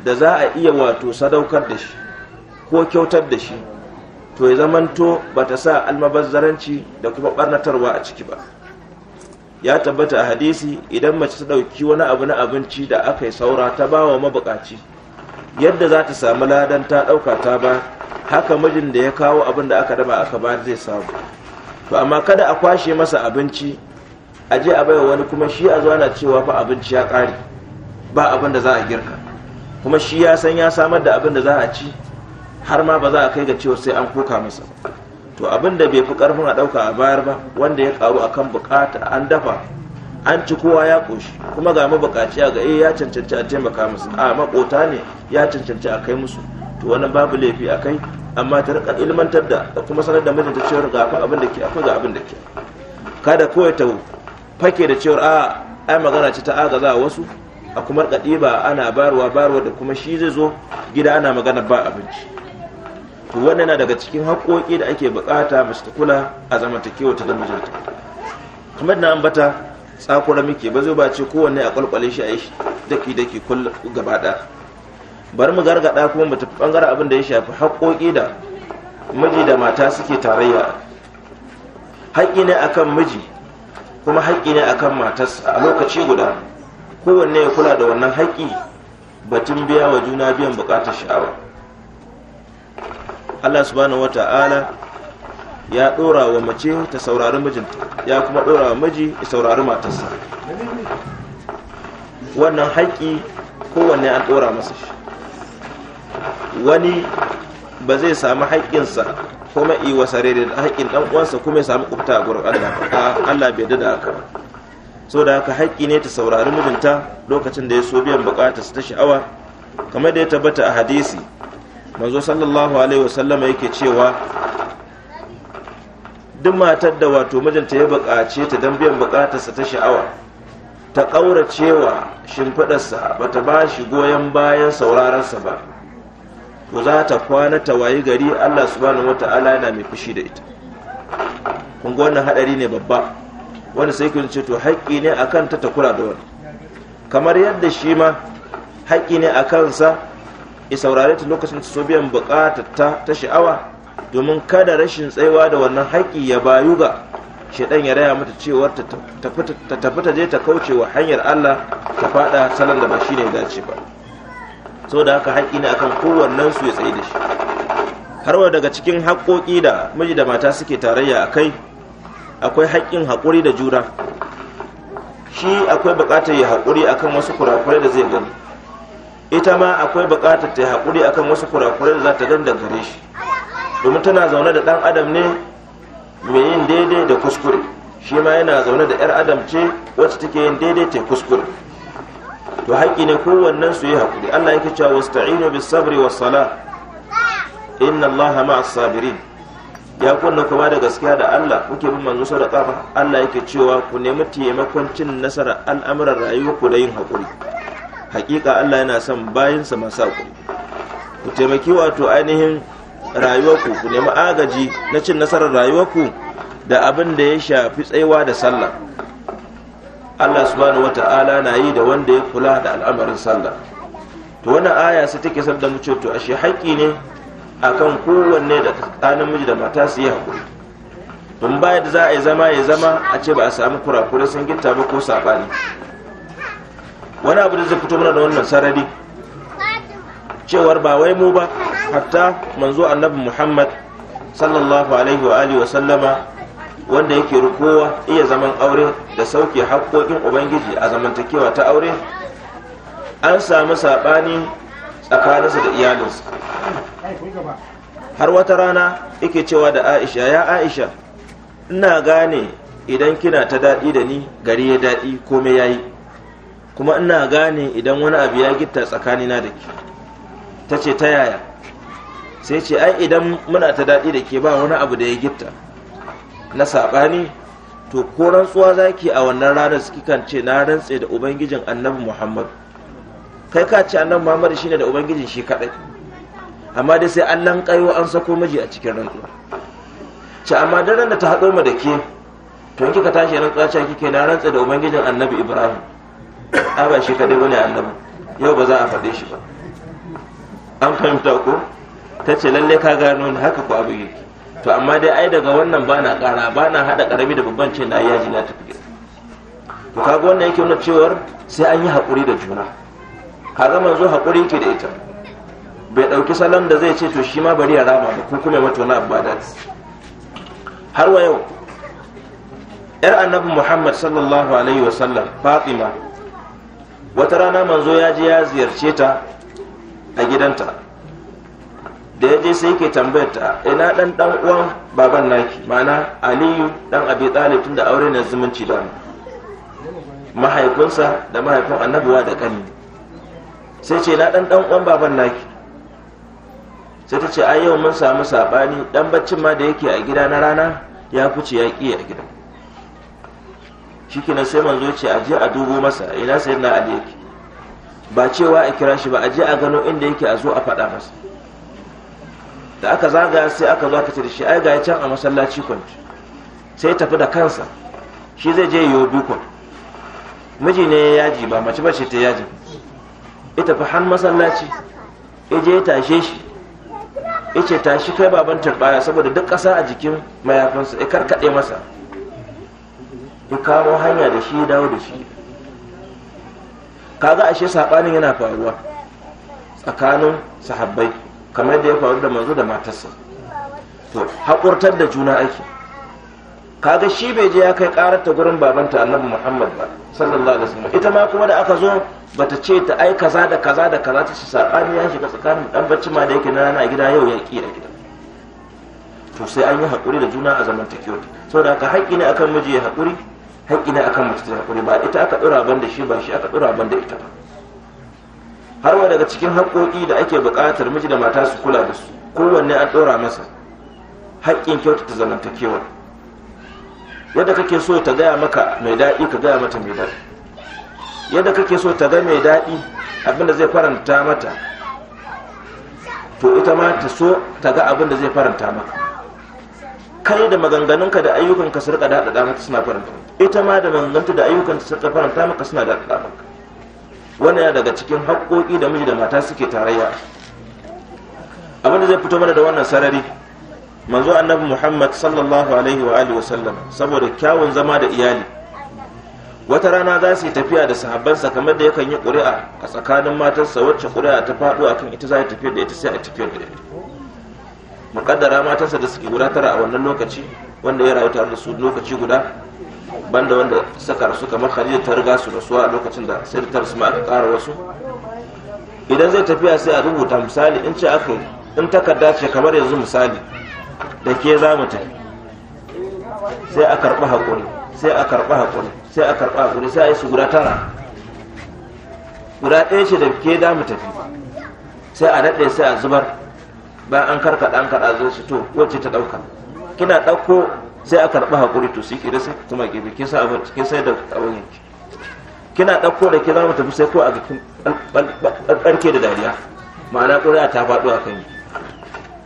da za a iya wato sadaukar da shi ko kyautar da shi to ya zamanto ba ta sa almabazzaranci da kuma barnatarwa a ciki ba ya tabbata a hadisi idan mace ta ɗauki wani abu na abinci da aka yi saura ta ba wa mabukaci yadda za ta samu ladan ta ɗauka ta ba haka mijin da ya kawo abin da aka dama aka ba zai samu to amma kada a kwashe masa abinci a je a bai wani kuma shi a zuwa na cewa fa abinci ya ƙare ba abin da za a girka kuma shi ya san ya samar da abin da za a ci har ma ba za a kai ga cewa sai an koka masa to abin da bai fi karfin a ɗauka a bayar ba wanda ya ƙaru a kan buƙata an dafa an ci kowa ya ƙoshi, kuma ga a ga eh ya cancanci a taimaka musu a makota ne ya cancanci a kai musu to wani babu laifi a kai amma ta rika ilmantar da kuma sanar da mijinta cewa ga abin da ke akwai ga abin da ke kada kawai ta fake da cewar a ah, ai magana ce ta agaza wasu a kuma ba ana barwa barwa da kuma shi zai zo gida ana magana ba abinci to wannan na daga cikin haƙoƙi da ake buƙata mace ta kula a zamantakewa ta da mijinta kamar na ambata tsakura muke ba zai ba ce kowanne a kwalkwale shi a yi daki daki gaba ɗaya bari mu gargaɗa kuma mu tafi ɓangaren abin da ya shafi haƙoƙi da miji da mata suke tarayya haƙƙi ne akan miji kuma haƙƙi ne akan matarsa a lokaci guda kowanne ya kula da wannan haƙƙi batun biya wa juna biyan buƙatar sha'awa Allah subhanahu wata'ala ya ɗora wa mace ta saurari mijinta ya kuma ɗora wa miji ya saurari matarsa wannan haƙƙi kowanne an ɗora masa shi wani ba zai samu haƙƙinsa kuma yi wasa daidai da haƙƙin ɗan uwansa kuma ya samu kubta a gurin Allah Allah bai da haka so da haka haƙƙi ne ta saurari mijinta lokacin da ya so biyan buƙatar ta sha'awa kamar da ya tabbata a hadisi manzo sallallahu alaihi wasallam yake cewa duk matar da wato mijinta ya buƙace ta don biyan buƙatarsa ta sha'awa ta ƙauracewa shimfiɗarsa ba ta ba shi goyon bayan sauraransa ba to za ta kwana ta wayi gari Allah subhanahu wata'ala yana mai fushi da ita kun ga wannan hadari ne babba wanda sai kun ce to haƙƙi ne akan ta ta kula da wani kamar yadda shi ma haƙƙi ne a kansa ya saurare ta lokacin ta so biyan buƙatar ta ta sha'awa domin kada rashin tsaiwa da wannan haƙƙi ya bayu ga shaidan ya raya mata cewa ta tafi ta je ta kauce wa hanyar Allah ta faɗa salon da ba shi shine dace ba so da haka haƙƙi ne akan kowannen su ya tsaye da shi har wa daga cikin haƙƙoƙi da miji da mata suke tarayya a kai akwai haƙƙin haƙuri da juna shi akwai buƙatar ya haƙuri akan wasu kurakurai da zai gani ita ma akwai buƙatar ta haƙuri akan wasu kurakurai da za ta gani gare shi domin tana zaune da ɗan adam ne mai yin daidai da kuskure shi ma yana zaune da 'yar adam ce wacce take yin daidai ta kuskure to haƙƙi ne kowannen su yi haƙuri Allah yake cewa wasta'inu bis sabri was sala inna Allah ma'as sabirin ya kunna kuma da gaskiya da Allah kuke bin manzo sadaka Allah yake cewa ku nemi taimakon cin nasara al'amuran rayuwa ku da yin haƙuri haƙiƙa Allah yana son sa masu haƙuri ku taimaki wato ainihin rayuwarku ku nemi agaji na cin nasarar rayuwarku da abin da ya shafi tsayuwa da sallah Allah subhanahu ta'ala na yi da wanda ya kula da al'amarin sallah to wani aya sai take san da mu to ashe haƙƙi ne akan kowanne da tsakanin miji da mata su yi haƙuri tun baya da za a yi zama ya zama a ce ba a samu kurakurai sun gitta ba ko saɓani wani abu da zai fito mana da wannan sarari cewar ba wai mu ba hatta manzo annabi muhammad sallallahu alaihi wa alihi wa sallama wanda yake rukowa iya zaman aure da sauke haƙoƙin ubangiji a zamantakewa ta aure an samu saɓani tsakaninsa da iyalinsa har wata rana yake cewa da aisha ya aisha ina gane idan kina ta daɗi da ni gari ya daɗi komai ya yi kuma ina gane idan wani abu ya gitta tsakanina da ke ta ce ta yaya sai ce ai idan muna ta daɗi da ke ba wani abu da ya gitta na saɓani to ko rantsuwa za ki a wannan ranar suke kan ce na rantse da ubangijin annabi muhammad kai ka ce annabi muhammad shine da ubangijin shi kaɗai amma dai sai an lankayo an sako miji a cikin rantsuwa ce amma daren da ta haɗo mu da ke to kika tashi rantsuwa ce kike na rantse da ubangijin annabi ibrahim ai ba shi kaɗai bane annabi yau ba za a faɗe shi ba an fahimta ko ta ce lalle ka gano ni haka ko abu yake to amma dai ai daga wannan ba na kara ba na haɗa ƙarami da babban ce na yaji na tafi gida to kaga wannan yake nuna cewar sai an yi hakuri da juna zama manzo hakuri yake da ita bai ɗauki salon da zai ce to shi ma bari ya rama ba ko kuma mata wani abu har wa yau yar annabi muhammad sallallahu alaihi wa sallam fatima wata rana manzo ya je ya ziyarce ta a gidanta da ya je sai yake tambayar ta ina dan dan uwan baban naki mana aliyu dan abi talib tunda aure ne zumunci da mahaifinsa da mahaifin annabuwa da kani sai ce na dan dan uwan baban naki sai ta ce a yau mun samu sabani dan baccin ma da yake a gida na rana ya fice ya kiye a gida shikenan sai manzo ce a a dubo masa ina sayyidina ali yake ba cewa a kira shi ba a je a gano inda yake a zo a faɗa masa da aka zagaya sai aka zo aka ce da shi ai ga can a masallaci kwanci sai tafi da kansa shi zai je yiwu dukun miji ne ya yaji ba mace ba ce ta yaji ita fi han masallaci ije ya tashe shi ice tashi kai baban turbaya saboda duk ƙasa a jikin mayafinsa ya karkaɗe masa ya kawo hanya da shi dawo da shi kaga ashe saɓanin yana faruwa tsakanin sahabbai kamar da ya faru da manzo da matarsa to haƙurtar da juna ake kaga shi bai je ya kai ƙarar ta gurin babanta annabi muhammad ba sallallahu alaihi wasallam ita ma kuma da aka zo bata ce ta ai kaza da kaza da kaza ta ci saɓani ya shiga tsakanin dan bacci ma da yake na na gida yau ya ƙi da gida to sai an yi haƙuri da juna a zamantakewa saboda haka haƙƙi ne akan miji ya haƙuri haƙƙi ne akan mace ta haƙuri ba ita aka ɗora ban da shi ba shi aka ɗora ban da ita ba har wa daga cikin haƙoƙi da ake buƙatar miji da mata su kula da su kowanne an ɗora masa haƙƙin kyauta ta zamantakewa yadda kake so ta gaya maka mai daɗi ka gaya mata mai daɗi yadda kake so ta ga mai daɗi abinda zai faranta mata to ita ma ta so ta ga abinda zai faranta maka kai da maganganunka da ayyukanka su rika daɗaɗa mata suna faranta ita ma da maganganta da ayyukanta su rika faranta maka suna daɗaɗa maka wannan daga cikin haƙoƙi da miji da mata suke tarayya abin da zai fito mana da wannan sarari manzo annabi muhammad sallallahu alaihi wa alihi wasallam saboda kyawun zama da iyali wata rana za su yi tafiya da sahabbansa kamar da yakan yi ƙuri'a a tsakanin matarsa wacce ƙuri'a ta faɗo akan ita za ta tafiya da ita sai a tafiya da ita muƙaddara matarsa da suke guda a wannan lokaci wanda ya rayu tare da su lokaci guda banda wanda suka rasu kamar khadija ta riga su rasuwa a lokacin da sai ta rasu ma aka ƙara wasu idan zai tafiya sai a rubuta misali in ce aka in takarda ce kamar yanzu misali da ke za mu tafi sai a karɓi haƙuri sai a karɓi haƙuri sai a karɓi haƙuri sai a yi su guda tara guda ɗaya ce da ke da mu tafi sai a daɗe sai a zubar bayan an karkaɗa an kaɗa shi to wacce ta ɗauka kina ɗauko sai a karɓi haƙuri to su kira sai kuma gefe kin sa abin kin sai da abin yake kina ɗauko da kira mu tafi sai ko a cikin ɓarke da dariya ma'ana ƙuri'a ta faɗo a kan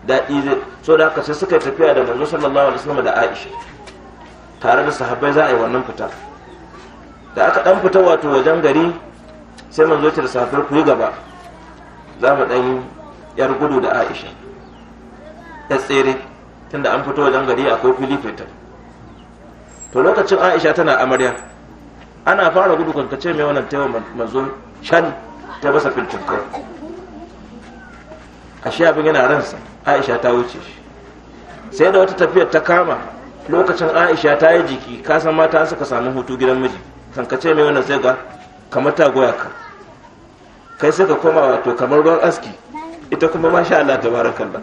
daɗi zai so da haka sai suka yi tafiya da manzo sallallahu alaihi wasallam da Aisha tare da sahabbai za a yi wannan fita da aka ɗan fita wato wajen gari sai manzo ce da sahabbai ku yi gaba za mu ɗan yar gudu da Aisha da tsere tunda an fito wajen gari akwai fili fetal to lokacin aisha tana amarya ana fara gudu ce mai wannan taiwa mazo shan ta basa filcin kai ashe abin yana ransa aisha ta wuce shi sai da wata tafiyar ta kama lokacin aisha ta yi jiki kasan mata suka samu hutu gidan miji ce mai wannan sai ga kamar ta goya ka kai suka koma wato kamar ruwan aski ita kuma masha Allah tabarakallah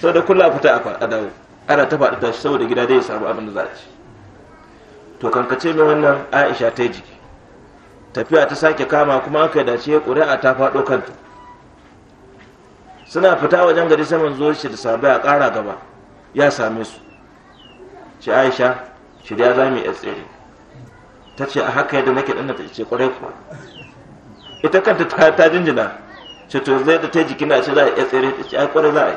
Sau da kula fita a dawo ana ta faɗi tashi saboda gida dai ya samu abin da za a ci to kankace mai wannan aisha ta yi jiki tafiya ta sake kama kuma aka dace ƙuri'a ta faɗo kanta suna fita wajen gari sai manzo shi da sabai a ƙara gaba ya same su ce aisha shirya za mu yi tsere ta ce a haka yadda nake ɗanda ta ce ƙwarai kuwa ita kanta ta jinjina ce to zai da ta jikina ce za a yi tsere ta ce ai ƙwarai za a yi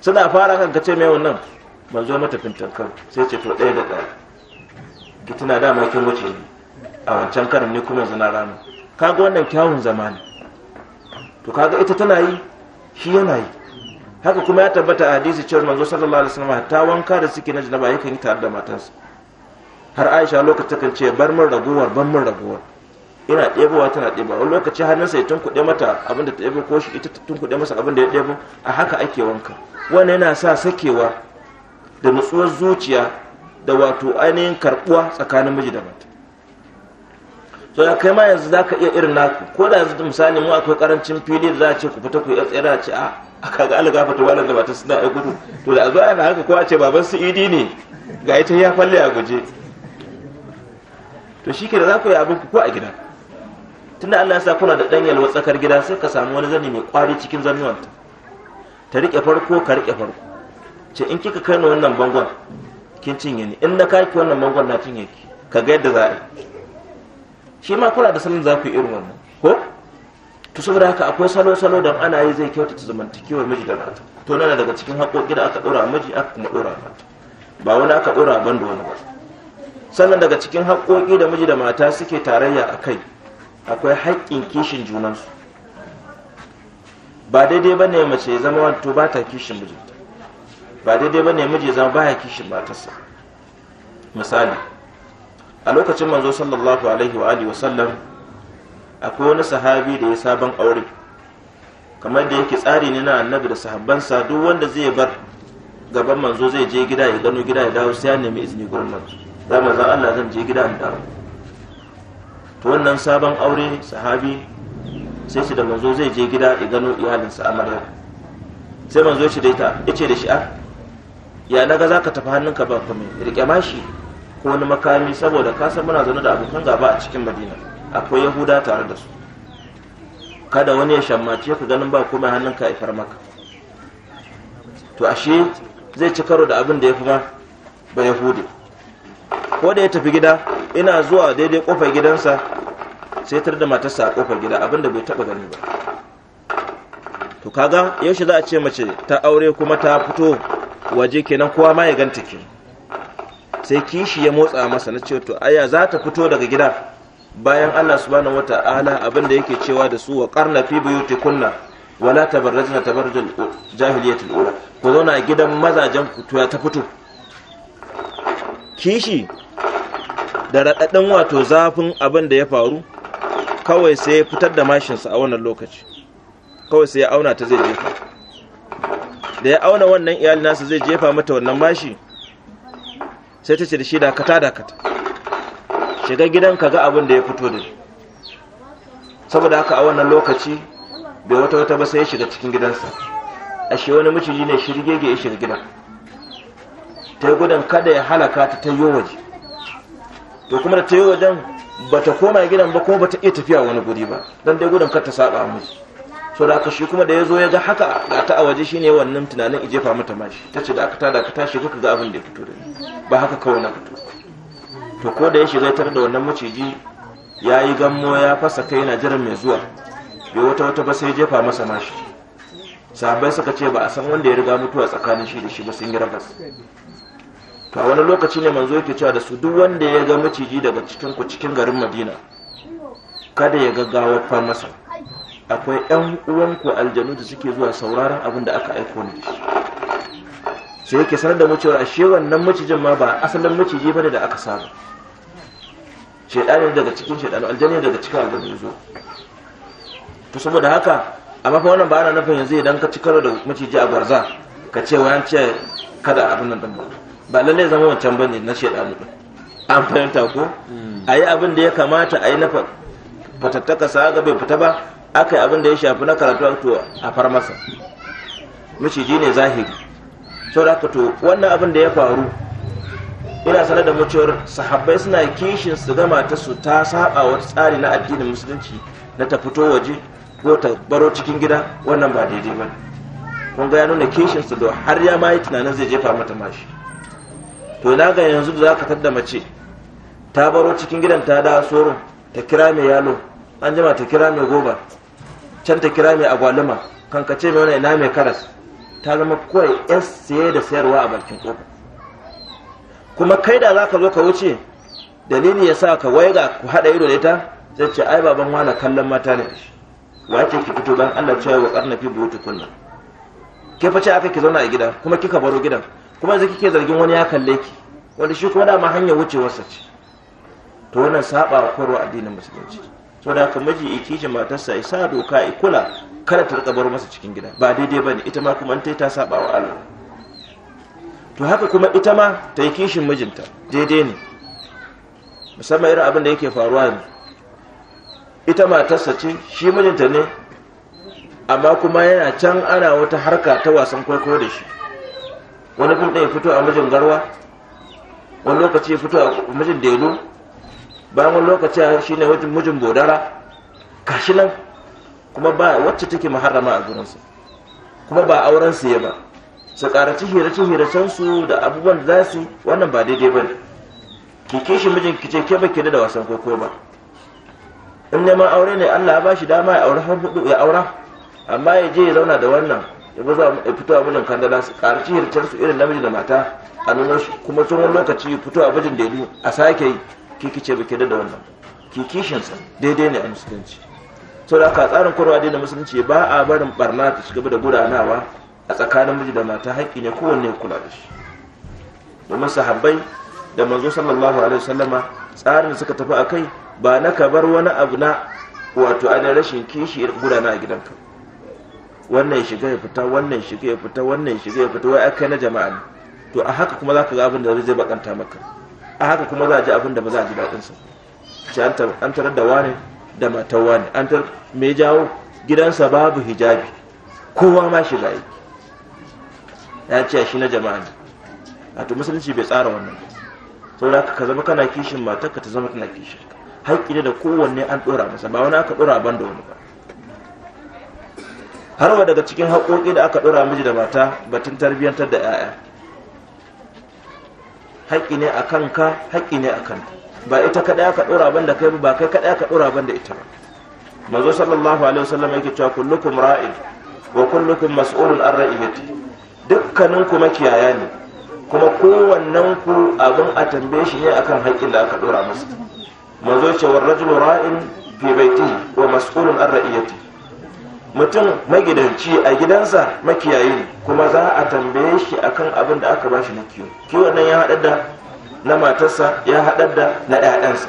suna fara kan ce mai wannan ban zo matafin tankan sai ce to ɗaya da ɗaya ki tana da makin wuce ne a wancan karin ne kuma zana rana kaga wannan kyawun zamani to kaga ita tana yi shi yana yi haka kuma ya tabbata a hadisi cewar manzo sallallahu alaihi wasallam hatta wanka da suke na jinaba yakan yi tare da matansa har Aisha lokacin kan ce bar min raguwar bar min raguwar ina ɗebowa tana ɗeba wani lokaci hannunsa ya tunkuɗe mata abin da ta ɗebo ko shi ita ta tunkuɗe masa abin da ya ɗebo a haka ake wanka Wani yana sa sakewa da nutsuwar zuciya da wato ainihin karbuwa tsakanin miji da mata to da kai ma yanzu za ka iya irin naku ko da yanzu misali mu akwai karancin fili da za a ce ku fita ku yi tsere a ce a ah, aka ga alga fata wala da mata suna ai gudu to da zo ana haka ko a ce baban su idi ne ga ita ya falle a guje to shi da za ku yi abin ku ko a gida tunda Allah ya sa kuna da ɗanyar watsakar tsakar gida sai ka samu wani zani mai kwari cikin zannuwanta ta riƙe farko ka riƙe farko ce in kika kai ni wannan bangon kin cinye ni in na kaki wannan bangon na cinye ki ka ga yadda za a yi shi ma kula da salon za ku yi irin wannan ko to saboda haka akwai salo salo da ana yi zai kyautata zamantakewar miji da mata to nana daga cikin haƙoƙi da aka ɗora miji aka kuma ɗora mata ba wani aka ɗora ban da wani ba sannan daga cikin haƙoƙi da miji da mata suke tarayya a kai akwai haƙƙin kishin junansu ba daidai ba ne mace ya zama wato ba ta kishin mijinta ba daidai ba ne miji ya zama ya kishin matarsa misali a lokacin manzo sallallahu alaihi wa alihi wasallam akwai wani sahabi da ya sabon aure kamar da yake tsari ne na annabi da sahabbansa duk wanda zai bar gaban manzo zai je gida ya gano gida ya dawo sai ya nemi izini gurin manzo za manzo Allah zan je gida in dawo to wannan sabon aure sahabi sai shi da manzo zai je gida ya gano iyalinsa maryam sai manzo shi da ita ya ce da shi a ah, ya naga za ka tafi hannunka ba kuma riƙe mashi ko wani makami saboda ka san muna zaune da abokan gaba a cikin madina akwai yahuda tare da su kada wani ya shammace ka ganin ba komai hannunka ya far maka to ashe zai ci karo da abin da ya fi ba yahudi ko da ya tafi gida ina zuwa daidai kofar gidansa sai tar da matarsa a kofar gida abinda bai taba gani ba to kaga yaushe za a ce mace ta aure kuma ta fito waje kenan kowa ma ya ganta ke sai kishi ya motsa masa na cewa to aya za ta fito daga gida bayan Allah subhanahu wata'ala abinda yake cewa da su wa qarna fi kunna wala tabarrajna tabarrujul jahiliyatil ula ku zauna a gidan mazajen ku ta fito kishi da raɗaɗin wato zafin abin da ya faru kawai sai ya fitar da mashinsa a wannan lokaci kawai sai ya auna ta zai jefa da ya auna wannan iyali nasa zai jefa mata wannan mashi sai ta ce da shi dakata dakata shiga gidan ka ga abin da ya fito da saboda haka a wannan lokaci bai wata wata ba sai ya shiga cikin gidansa ashe wani miciji ne shirgege ya shiga gida. ta yi gudun kada ya halaka ta ta yi waje to kuma da ta yi wajen ba ta koma gidan ba kuma ba ta iya tafiya wani guri ba don dai gudun kar ta saba musu so da aka shi kuma da ya zo ya ga haka ga ta a waje shine wannan tunanin jefa mata mashi ta ce da aka tada ka tashi kuka ga abin da ya fito da ni ba haka kawai na fito to ko da ya shiga tare da wannan maciji ya yi gammo ya fasa kai yana jiran mai zuwa bai wata wata ba sai jefa masa mashi sahabbai suka ce ba a san wanda ya riga mutuwa tsakanin shi da shi ba sun yi rabas to a wani lokaci ne manzo yake cewa da su duk wanda ya ga maciji daga cikin ku cikin garin madina kada ya gaggawa fa masa akwai yan uwanku aljanu da suke zuwa sauraron abin da aka aiko ne sai yake sanar da mu cewa ashe wannan macijin ma ba asalin maciji bane da aka saba shedani daga cikin shedani aljani daga cikin aljanu zo to saboda haka amma fa wannan ba ana nufin yanzu idan ka ci karo da maciji a barza ka ce wayan ce kada abin nan din ba ba lalle zama wancan ba ne na shaidanu an fahimta ko hmm. a yi abin da ya kamata a yi na fatattaka sa ga bai fita ba aka yi abin da ya shafi na karatu to a far masa miciji ne zahiri sau da to wannan abin da ya faru ina sanar da mutuwar sahabbai suna kishin su gama ta su ta saba wata tsari na addinin musulunci na ta fito waje ko ta baro cikin gida wannan ba daidai ba kun ga ya nuna kishin su da har ya ma yi tunanin zai jefa mata mashi to na ga yanzu da ka tadda mace ta baro cikin gidan ta da soro ta kira mai yalo an jima ta kira mai goba can ta kira mai agwaluma kankace mai wani ina mai karas ta zama kawai yan siye da sayarwa a bakin kofa kuma kai da za ka zo ka wuce dalili ya sa ka waiga ku haɗa ido da ita zai ce ai baban wani kallon mata ne wa ke ki fito don Allah cewa wa karnafi buwutu kunna ke fa ce aka ki zauna a gida kuma kika baro gidan kuma yanzu kike zargin wani ya kalle ki wanda shi kuma dama hanyar wucewarsa ce to wannan saba wa addinin musulunci so da haka miji iki ji matarsa ya sa doka ya kula kada ta rika bar masa cikin gida ba daidai bane ita ma kuma ta ta saba wa Allah to haka kuma ita ma ta yi kishin mijinta daidai ne musamman irin abin da yake faruwa ne ita matarsa ce shi mijinta ne amma kuma yana can ana wata harka ta wasan kwaikwayo da shi wani fim ɗaya ya fito a mijin garwa wani lokaci ya fito a mijin delu bayan wani lokaci shi ne mijin bodara kashi nan kuma ba wacce take maharrama a gurinsa kuma ba auren su ya ba su karaci hirace can su da abubuwan da za su wannan ba daidai ba ne ki kishi mijin ki ce ke ba da wasan koko ba in neman aure ne Allah ya ba shi dama ya aure har hudu ya aura amma ya je ya zauna da wannan yanzu za a fito a bunan kandala su karci hircar su irin namiji da mata a nunar su kuma tsohon lokaci fito a bajin delu a sake yi kiki ce da wannan sa daidai ne a musulunci sau da aka tsarin kwarwa dai na musulunci ba a barin barna ta shiga da gudanawa a tsakanin miji da mata haƙƙi ne kowanne kula da shi domin sahabbai da manzo sallallahu alaihi wasallama tsarin suka tafi a kai ba na ka bar wani abu na wato ana rashin kishi gudana a gidanka wannan shiga ya fita wannan shiga ya fita wannan shiga ya fita wai akai na jama'a to a haka kuma za ka ga abin da zai bakanta maka a haka kuma za a ji abin da ba za a ji daɗin sa ce an tarar da wane da matar wane an tar me jawo gidansa babu hijabi kowa ma shiga yake ya ce shi na jama'a ne a to musulunci bai tsara wannan saboda ka zama kana kishin ka ta zama kana kishin haƙƙi ne da kowanne an ɗora masa ba wani aka ɗora ban da wani ba har ma daga cikin haƙoƙi da aka ɗora miji da mata batun tarbiyyantar da 'ya'ya haƙƙi ne a kanka haƙƙi ne a kanta ba ita kaɗai aka ɗora ban da kai ba kai kaɗai aka ɗora ban da ita ba manzo sallallahu alaihi wasallam yake cewa kullukum ra'in wa kullukum mas'ulun an ra'iyati dukkanin ku makiyaya ne kuma kowannen ku abin a tambaye shi ne akan haƙƙin da aka ɗora masa mazo ce wa rajulu ra'in fi baitihi wa mas'ulun an ra'iyati mutum magidanci a gidansa makiyayi ne kuma za a tambaye shi akan abin da aka bashi na kiwo kiwon nan ya haɗar da na matarsa ya haɗar da na ɗaɗansa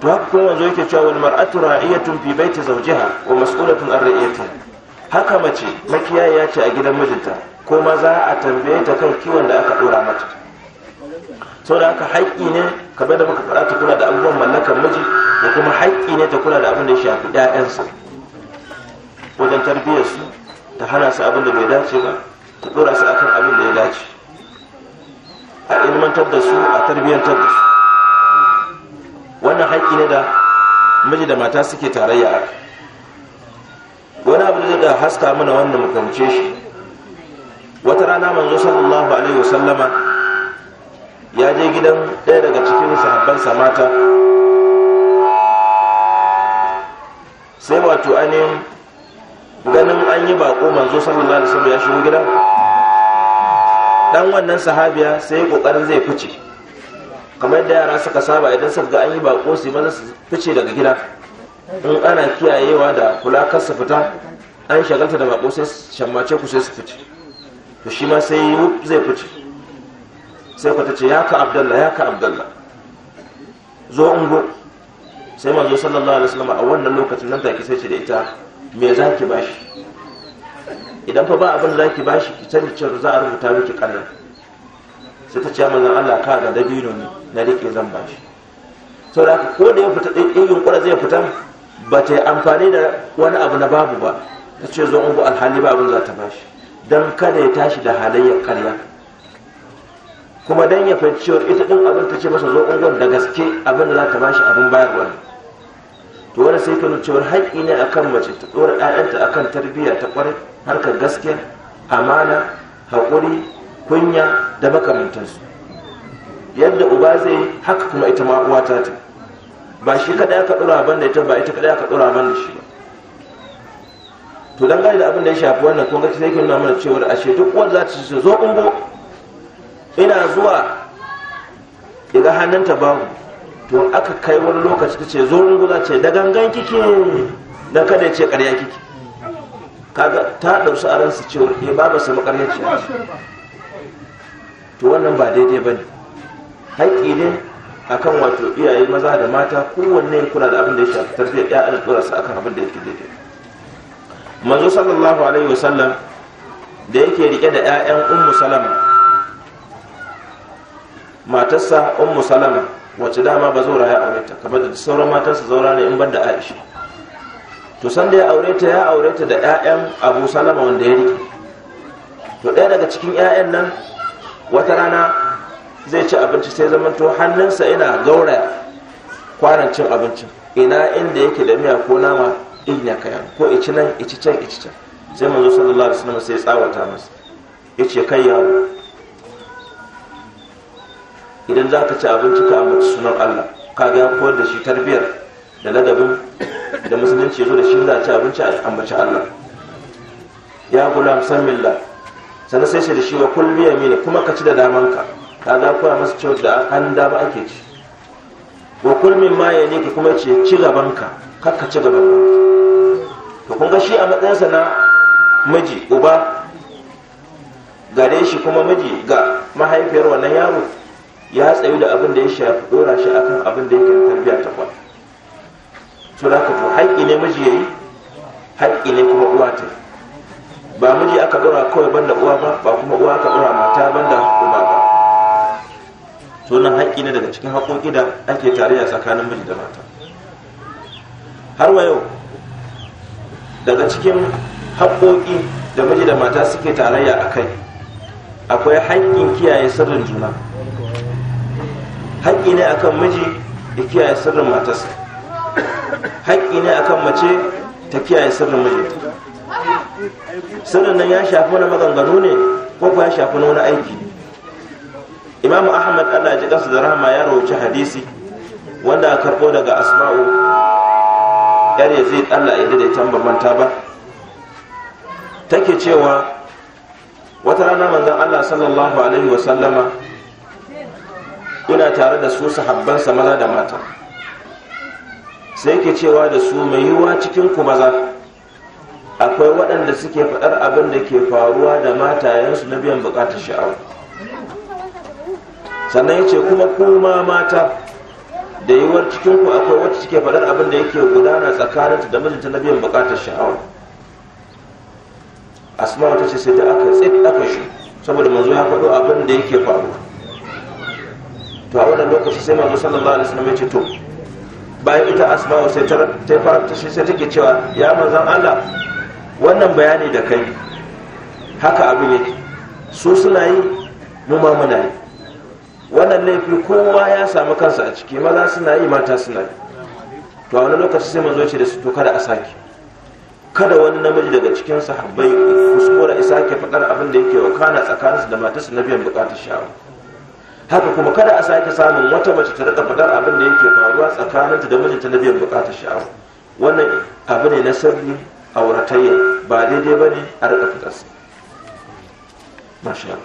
to haka kuma wanzu yake cewa wani mar'atu tun fi baiti zawjiha wa mas'ulatun an ta. haka mace ya ce a gidan mijinta kuma za a tambaye ta kan kiwon da aka ɗora mata sau da haka haƙƙi ne kamar da muka faɗa ta kula da abubuwan mallakar miji da kuma haƙƙi ne ta kula da abin da ya shafi 'ya'yansa wajen tarbiyyar su ta hana su abin da bai dace ba ta dora su akan abin da ya dace a ilmantar da su a tarbiyyantar da su wannan haƙƙi ne da miji da mata suke tarayya a wani abu da haska mana wannan mukamce shi wata rana manzo sallallahu alaihi wasallama ya je gidan ɗaya daga cikin sahabbansa mata sai wato ainihin ganin an yi bako manzo sallallahu alaihi wasallam ya shigo gida dan wannan sahabiya sai ya kokarin zai fice kamar da yara suka saba idan suka ga an yi bako su maza su fice daga gida in ana kiyayewa da kula kar su fita an shagalta da bako sai shammace ku sai su fice to shi ma sai zai fice sai ku tace ya ka abdallah ya ka abdallah zo ungo sai manzo sallallahu alaihi wasallam a wannan lokacin nan take sai ce da ita me za ki bashi idan fa ba abin da za ki bashi ki sani cewa za a rubuta miki kallon sai ta ce manzon Allah ka ga dabino ne na rike zan bashi saboda ko da ya fita ɗin yunkura zai fita ba ta yi amfani da wani abu na babu ba ta ce zo ungu alhali ba abin za ta bashi don kada ya tashi da halayyar karya kuma don ya fahimci cewa ita ɗin abin ta ce masa zo ungon da gaske abin da za ta bashi abin bayarwa ne to wani sai ka cewar haƙƙi ne akan mace ta ɗora a akan tarbiyya ta ƙwarai harkar gaskiya amana haƙuri kunya da makamantansu yadda uba zai haka kuma ita ma uwa ta ba shi kaɗai aka ɗora ban da ita ba ita kaɗai aka ɗora ban da shi ba to dangane da abin da ya shafi wannan kuma sai ka nuna mana cewar ashe duk wanda za ta ce zo ina zuwa ya ga hannunta babu to aka kai wani lokaci ta ce zo rungula ce da gangan kike da kada ya ce karya kike kaga ta dausu a ransu cewa eh babu sama karya ce to wannan ba daidai bane haƙƙi ne akan wato iyaye maza da mata kowanne kula da abin da ya shafi tarbiyyar ya ala dora su akan abin da yake daidai manzo sallallahu alaihi wasallam da yake rike da ƴaƴan ummu salama matarsa ummu salama wace dama ba zaura ya aure ta kamar da sauran matansa zaura ne in ban da aisha to san da ya aure ta ya aure ta da 'ya'yan abu salama wanda ya rike to ɗaya daga cikin 'ya'yan nan wata rana zai ci abinci sai zamanto hannunsa yana gauraya kwanan cin abincin ina inda yake da miya ko nama in ya kaya ko ici nan ici can ici can sai manzo sallallahu alaihi wasallam sai tsawata masa yace kai yaro idan za ka ci abinci ka ambaci sunan Allah ka ga koyar da shi tarbiyar da ladabin da musulunci ya zo da shi za a ci abinci a ambaci Allah ya gula san la sannan sai shi da shi wa kul biya mini kuma ka ci da damanka ka ga koya masa cewa da an dama ake ci wa kul min ma ya ki kuma ce ci gabanka kar ka ci gabanka to kun ga shi a matsayinsa na miji uba gare shi kuma miji ga mahaifiyar wannan yaro ya tsayu da abin da ya shafi dora shi akan abin da yake da tarbiyya ta kwa to da to haƙƙi ne miji yayi haƙƙi ne kuma uwa ta ba miji aka dora kawai banda uwa ba ba kuma uwa aka dora mata banda uba ba to nan haƙƙi ne daga cikin haƙoƙi da ake tarayya tsakanin miji da mata har wa yau daga cikin haƙoƙi da miji da mata suke tarayya a kai akwai haƙƙin kiyaye sirrin juna haƙƙi ne akan miji da kiyaye sirrin matarsa haƙƙi ne akan mace ta kiyaye sirrin mijinta sirrin nan ya shafi wani maganganu ne ko kuwa ya shafi wani aiki imamu ahmad allah ji kansa da rahama ya rawaci hadisi wanda a karɓo daga asma'u yar yazid allah ya daidaita bambanta ba take cewa wata rana manzan allah sallallahu alaihi wasallama kuna tare da su sa maza da mata sai ke cewa da su mai yiwuwa cikin ku maza akwai waɗanda suke faɗar abin da ke faruwa da matayensu na biyan buƙatar sha'awa sannan ya ce kuma kuma mata da yiwuwar cikinku akwai wacce suke faɗar abin da yake gudana tsakaninta da mijinta na biyan buƙatar sha'awa asma wata ce sai da aka tsit aka shi saboda manzo ya faɗo abin da yake faruwa to a wannan lokaci sai manzo sallallahu alaihi wasallam ya ce to bayan ita asma'u sai ta ta fara ta sai take cewa ya manzon Allah wannan bayani da kai haka abin yake su suna yi mu ma muna yi wannan laifi kowa ya samu kansa a ciki maza suna yi mata suna yi to a wannan lokaci sai manzo ce da su to kada a saki kada wani namiji daga cikin sahabbai kuskura isa ke faɗar abin da yake wakana tsakaninsu da matarsa na biyan bukatar sha'awa haka kuma kada a sake samun wata mace ta rika fadar abin da yake faruwa tsakaninta da mijinta na biyan bukatar sha'awa wannan abu ne na sirri auratayya ba daidai ba ne a rika sa masha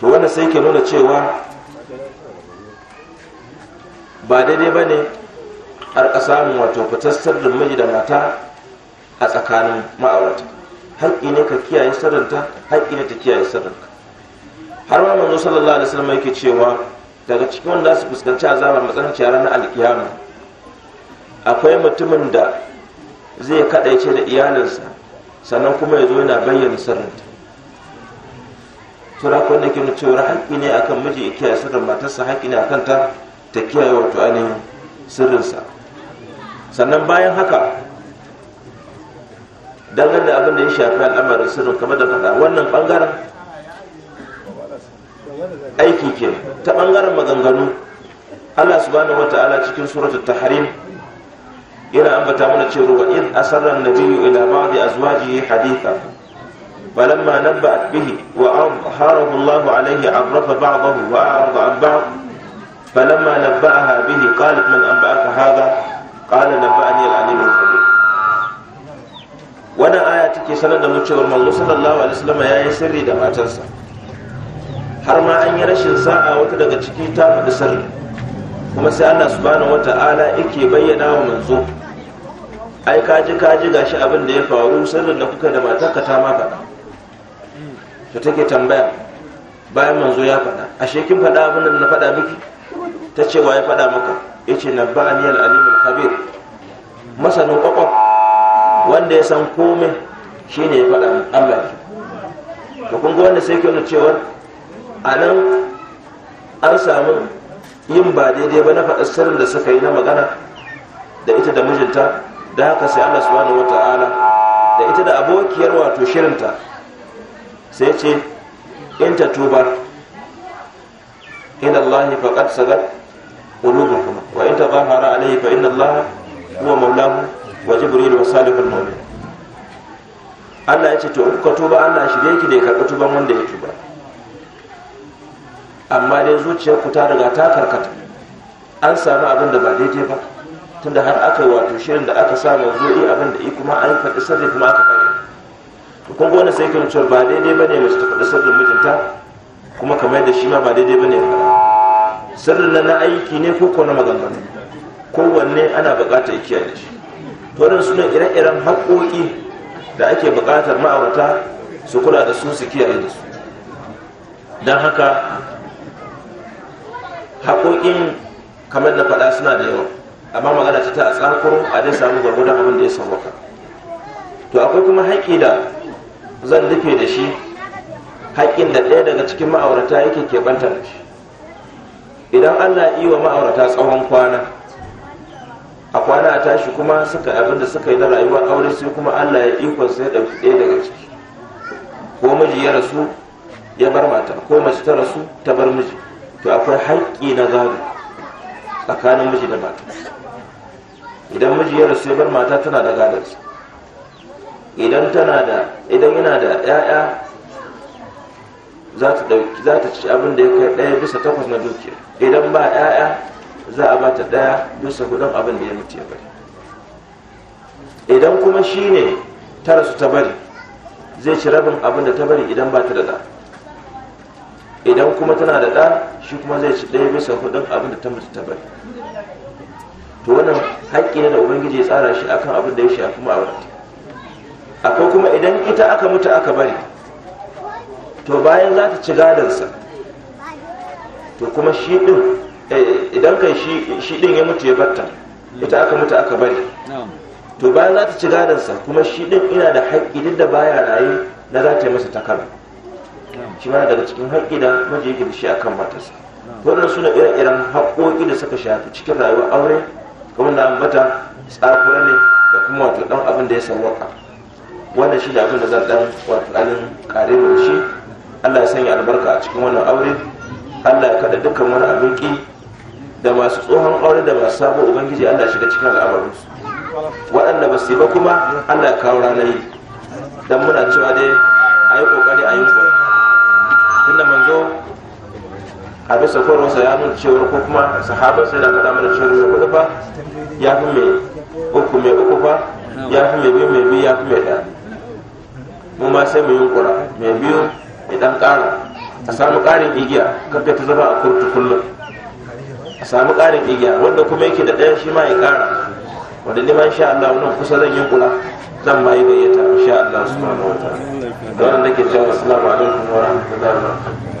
to wannan sai ke nuna cewa ba daidai ba ne a rika samun wato fitar sirrin miji da mata a tsakanin ma'aurata haƙƙi ne ka kiyaye sirrinta haƙƙi ne ta kiyaye sirrinka har ma manzo sallallahu alaihi wasallam yake cewa daga cikin wanda su fuskanci azaba matsananciya ranar alkiyama akwai mutumin da zai kadaice da iyalinsa sannan kuma ya zo yana bayyana sirrinta Tura kwanne ke nuna cewa haƙƙi ne akan miji ya kiyaye sirrin matarsa haƙƙi ne akan ta ta kiyaye wato ainihin sirrinsa sannan bayan haka dangane da abin da ya shafi al'amarin sirrin kamar da faɗa wannan bangaren aiki ke ta bangaren maganganu Allah subhanahu wata'ala cikin surat taharim yana ambata mana cewa wa in asarran Nabiyu ila ba'di azwajihi haditha falamma nabba'at bihi wa adharahu Allahu alayhi arafa ba'dahu wa arda an ba'd falamma nabba'aha bihi qalat man anba'aka hadha qala nabba'ani al-alim al-khabir wannan aya take sanar da mu cewa Allah sallallahu alaihi wasallam sirri da matarsa har ma an yi rashin sa'a wata daga ciki ta faɗi kuma sai Allah subhanahu wata'ala yake bayyana wa manzo ai kaji kaji gashi abin da ya faru sirrin da kuka da matarka ta ma faɗa to take tambaya bayan manzo ya faɗa ashe kin faɗa abin da na faɗa miki ta ce wa ya faɗa maka ya ce na ba aniyar alimin kabir masanin kwakwam wanda ya san komai shine ya faɗa Allah ki to kun ga wanda sai ke nuna cewar a nan an samu yin ba daidai ba na faɗa sirrin da suka yi na magana da ita da mijinta da haka sai Allah subhanahu wata'ala da ita da abokiyar wato shirinta sai ce in ta tuba ila Allah faqad sagat qulubukum wa in tadhahara alayhi fa inna Allah huwa mawlahu wa jibril wa salihul mu'min Allah ya ce to in ka tuba Allah shirye ki da ya karɓi tuban wanda ya tuba amma dai zuciyar ku ta riga ta karkata an samu abin da ba daidai ba tunda har aka yi wato shirin da aka samu zo'i abin da yi kuma an faɗi sirri kuma aka kare kun ga wani sai kin cewa ba daidai bane mace ta faɗi sirrin mijinta kuma kamar da shi ma ba daidai bane ya fara. sirrin nan na aiki ne ko ko na maganganu kowanne ana buƙatar kiyaye da shi to wannan sunan ire-iren haƙoƙi da ake buƙatar ma'aurata su kula da su su kiyaye da su don haka haƙoƙin kamar na faɗa suna da yawa amma magana ta ta tsakuru a dai samu gwargwadon abin da ya ka to akwai kuma haƙƙi da zan dufe da shi haƙƙin da ɗaya daga cikin ma'aurata yake keɓanta da shi idan allah yi wa ma'aurata tsawon kwana a kwana a tashi kuma suka abin da suka yi na rayuwar aure sai kuma allah ya ikon sai ɗauki ɗaya daga ciki ko miji ya rasu ya bar mata ko mace ta rasu ta bar miji to akwai haƙƙi na gado tsakanin miji da mata idan miji ya rasu ya bar mata tana da gadarsa idan tana da idan yana da 'ya'ya za ta ci abin da ya kai ɗaya bisa takwas na dukiya idan ba 'ya'ya za a bata ɗaya bisa hudun abin da ya mutu ya bari idan kuma shi ne ta rasu ta bari zai ci rabin abin da ta bari idan ba ta da ɗa idan kuma tana da ɗa shi kuma zai ci ɗaya bisa hudun abin da ta mutu ta bari to wannan haƙƙi ne da ubangiji ya tsara shi akan abin da ya shafi ma'aurata akwai kuma idan ita aka mutu aka bari to bayan za ta ci gadansa to kuma shi ɗin eh, idan kai shi ɗin ya mutu ya batta ita aka mutu aka bari to bayan za ta ci gadansa kuma shi ɗin ina da haƙƙi duk da baya raye na za ta yi masa takarda shi ma daga cikin haƙƙi da maji yake da shi a kan matarsa wannan suna irin iren haƙƙoƙi da suka shafi cikin rayuwar aure kamar na ambata tsakura ne da kuma wato ɗan abin da ya sawwaka wannan shi da abin da zan ɗan wato ɗanin ƙare da shi Allah ya sanya albarka a cikin wannan aure Allah ya kaɗa dukkan wani abin ƙi da masu tsohon aure da masu sabon ubangiji Allah shiga cikin su waɗanda ba su yi ba kuma Allah ya kawo ranar yi don muna cewa dai a yi ƙoƙari a yi zo a bisa korinsa ya nuna cewar ko kuma sahabar sai da faɗa damar cewar mai kudu ba ya fi mai uku mai uku ba ya fi mai biyu mai biyu ya fi mai ɗaya mu ma sai mu yunkura mai biyu mai ɗan ƙara a samu ƙarin igiya kakka ta zama a kurtu kullum a samu ƙarin igiya wanda kuma yake da ɗayan shi ma ya ƙara wanda ma sha Allah wannan kusa zan yi zan ma yi gayyata insha Allah subhanahu wa ta'ala da wannan nake cewa assalamu alaikum wa rahmatullahi wa barakatuh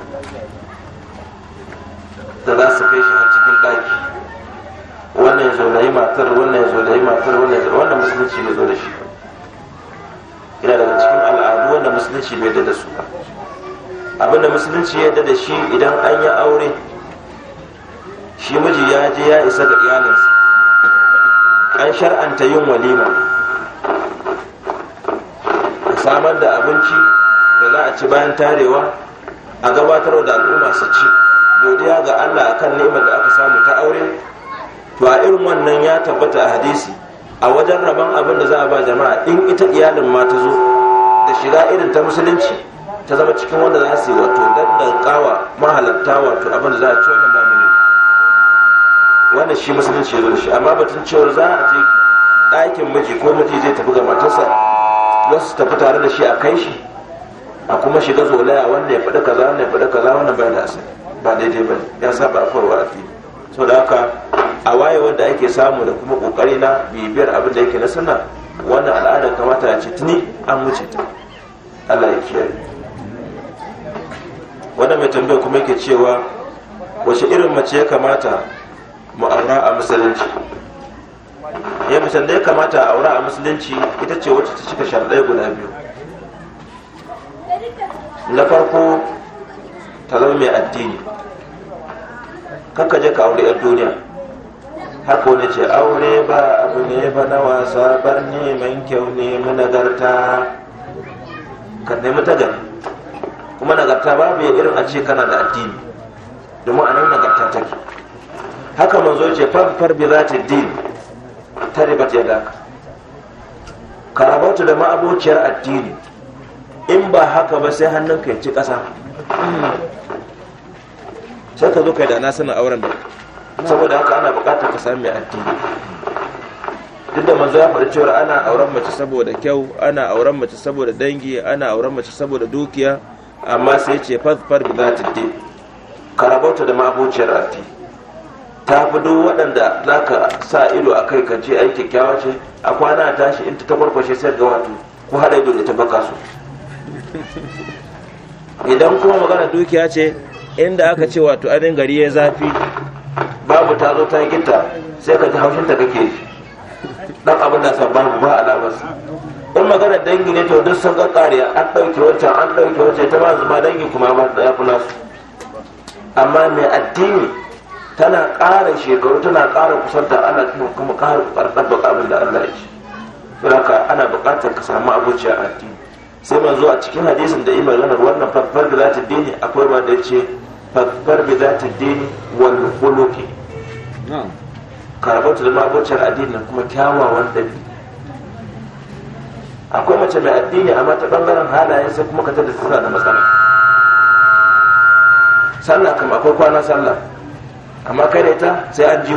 da za su kai shi har cikin ɗaki wannan ya zo da yi matar wannan ya zo da yi matar wannan ya wannan musulunci bai zo da shi yana daga cikin al'adu wanda musulunci bai da su ba abinda musulunci ya da shi idan an yi aure shi miji ya je ya isa da iyalinsa an shar'anta yin walima A samar da abinci da za a ci bayan tarewa a gabatar da al'umma su ci godiya ga Allah akan neman da aka samu ta aure to a irin wannan ya tabbata a hadisi a wajen rabon abin da za a ba jama'a in ita iyalin ma ta zo da shiga irin ta musulunci ta zama cikin wanda za su yi wato dandan kawa mahalarta wato abin da za a ci wannan ba wannan shi musulunci ya zo shi amma batun cewar za a je ɗakin miji ko miji zai tafi ga matarsa wasu su tafi tare da shi a kai shi a kuma shiga zolaya wannan ya faɗi kaza wannan ya faɗi kaza wannan bai da asali ba daidai ba ya saba a fi. so da haka a waye wanda ake samu da kuma kokari na bibiyar abin da yake na sunna wannan al'ada kamata ya ce tuni an wuce ta Allah ya kiyaye wannan mai tambaya kuma yake cewa wace irin mace ya kamata mu aura a musulunci ya eh, macen da ya kamata a aura a musulunci ita ce wacce ta cika sharɗai guda biyu na farko ta zama mai addini kanka je ka aure 'yan duniya haka wani ce aure ba abu ne ba na wasa bar neman kyau ne mu nagarta ka nemi ta gani, kuma nagarta babu yi irin a ce kana da addini domin a nan nagarta ke. haka zo ce farfar bi za ta din ta riba ta yada ka rabauta da ma'abokiyar addini in ba haka ba sai ka ya ci ƙasa sai ka zo kai da na sanin auren da saboda haka ana bukatar ka sami addini duk da manzo ya faɗi cewa ana auren mace saboda kyau ana auren mace saboda dangi ana auren mace saboda dukiya amma sai ce fazfar bi zati di ka da mabociyar addini ta fi duk waɗanda za ka sa ido a kai ka ce ai kyakkyawa ce a kwana tashi in ta kwarkwashe sai ga wato ko haɗa ido da ta baka su idan kuma magana dukiya ce inda aka ce wato abin gari ya zafi babu ta zo ta gita sai ka ji haushin ta kake dan abin da sa babu ba alamar in magana dangi ne to duk sun ga kare an dauke wacce an dauke wacce ta ba zuma dangi kuma ba da ya kula su amma mai addini tana ƙara shekaru tana ƙara kusanta ana kuma ƙara ƙarfafa abin da Allah ya ce. Saboda ana buƙatar ka samu a addini. sai manzo a cikin hadisin da imar ganar wannan fafar da zata dini akwai ba da ce fafar da zata dini wani khuluqi karbatu da mabocin addini kuma kyawawan dabi akwai mace mai addini amma ta bangaren halaye sai kuma ka tada tsara da matsala sallah kam akwai kwana sallah amma kai da ita sai an ji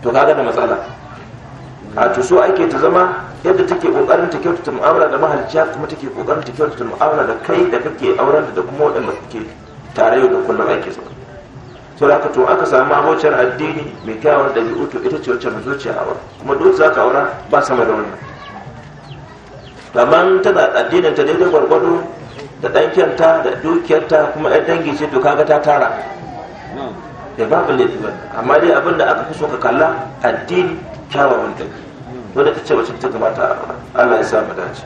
to kaga da matsala a to so ake ta zama yadda take kokarin ta kyautata mu'amala da mahalicciya kuma take kokarin ta kyautata mu'amala da kai da kake auren da kuma waɗanda kuke tare da kullum ake so to ka to aka samu abocin addini mai kyawun ɗabi'u to ita ce wacce zuciya aure kuma duk za ka aura ba sama da wannan kamar tana addinin ta daidai gwargwado da ɗan da dukiyarta kuma ɗan dangi ce to kaga ta tara da eh, babu laifin amma dai abin da aka fi so ka kalla addini kyawawan ɗabi'u dole ta ce wacce ta kamata Allah ya sa mu dace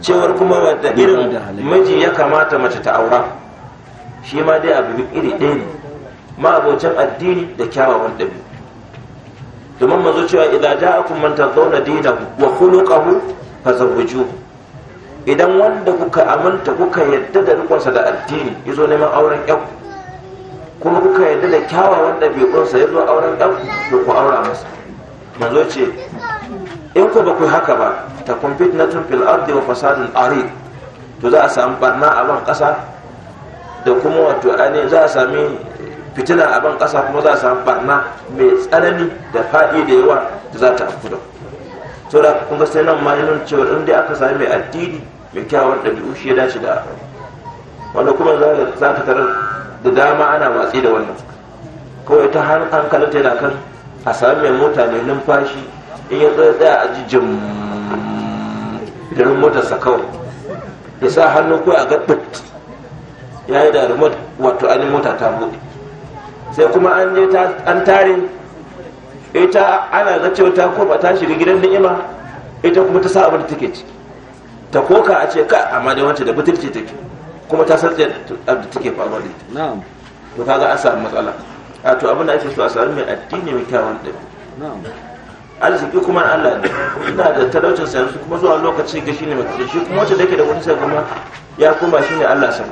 cewar kuma wadda irin miji ya kamata mace ta aura shi ma dai abu iri ɗaya ne ma abocin addini da kyawawan ɗabi domin mazo cewa idan ja'akum manta zauna dina wa khuluquhu fazawwijuhu idan wanda kuka aminta kuka yadda da rikonsa da addini yazo neman auren yau. ko kuka yadda da kyawawan ɗabi'unsa ya zo auren ɗan da ku aura masa yanzu ce in ku ba ku haka ba ta kumfit na tumfil ardi wa fasadin ari to za a sami barna a ban ƙasa da kuma wato ainihin za a sami fitila a ban ƙasa kuma za a sami barna mai tsanani da faɗi da yawa da za ta afku da so da kun ga sai nan ma yana cewa in dai aka sami mai addini mai kyawar ɗabi'u shi ya dace da wanda kuma za ka tarar da dama ana watsi da wannan kawai ta har ta yana kan a sami mai mota mai numfashi in ya tsaya tsaya a jijin garin motarsa kawai ya sa hannu kawai a gabbat ya yi da rumot wato an mota ta buɗe sai kuma an je an tare ita ana ga cewa ta kofa ta shiga gidan ni'ima ita kuma ta sa abin da take ciki ta koka a ce ka amma da wancan da butulci take kuma ta san da take faruwa da ita to kaga an samu matsala a to abin da ake so a samu mai addini mai kyawun ɗabi arziki kuma na Allah ne ina da talaucin sa yanzu kuma zuwa lokaci ga shine mai shi kuma wacce da yake da wani sai kuma ya kuma shine Allah san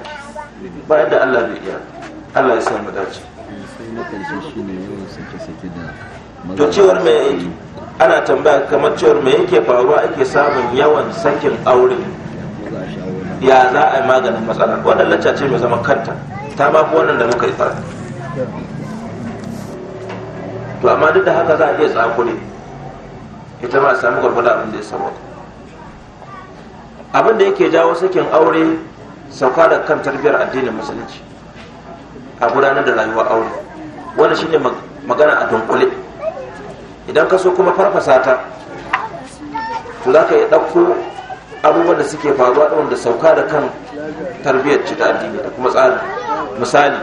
ba yadda Allah bai iya Allah ya mu dace sai na shine yawan sake sake da to cewar mai ana tambaya kamar cewar me yake faruwa ake samun yawan sakin aure ya za a yi maganin matsalar wannan lacca ce mai zama kanta ta ba ku wannan da muka yi fara. to amma duk da haka za a iya tsakure ita ma a samu gwargwada abin da ya samu abin da yake jawo sakin aure sauka da kan tarbiyyar addinin musulunci a gudanar da rayuwa aure wannan shine magana a dunkule idan ka so kuma farfasa ta to za ka iya ɗauko abubuwan da suke faruwa da wanda sauka da kan tarbiyyar ci addini da kuma tsari misali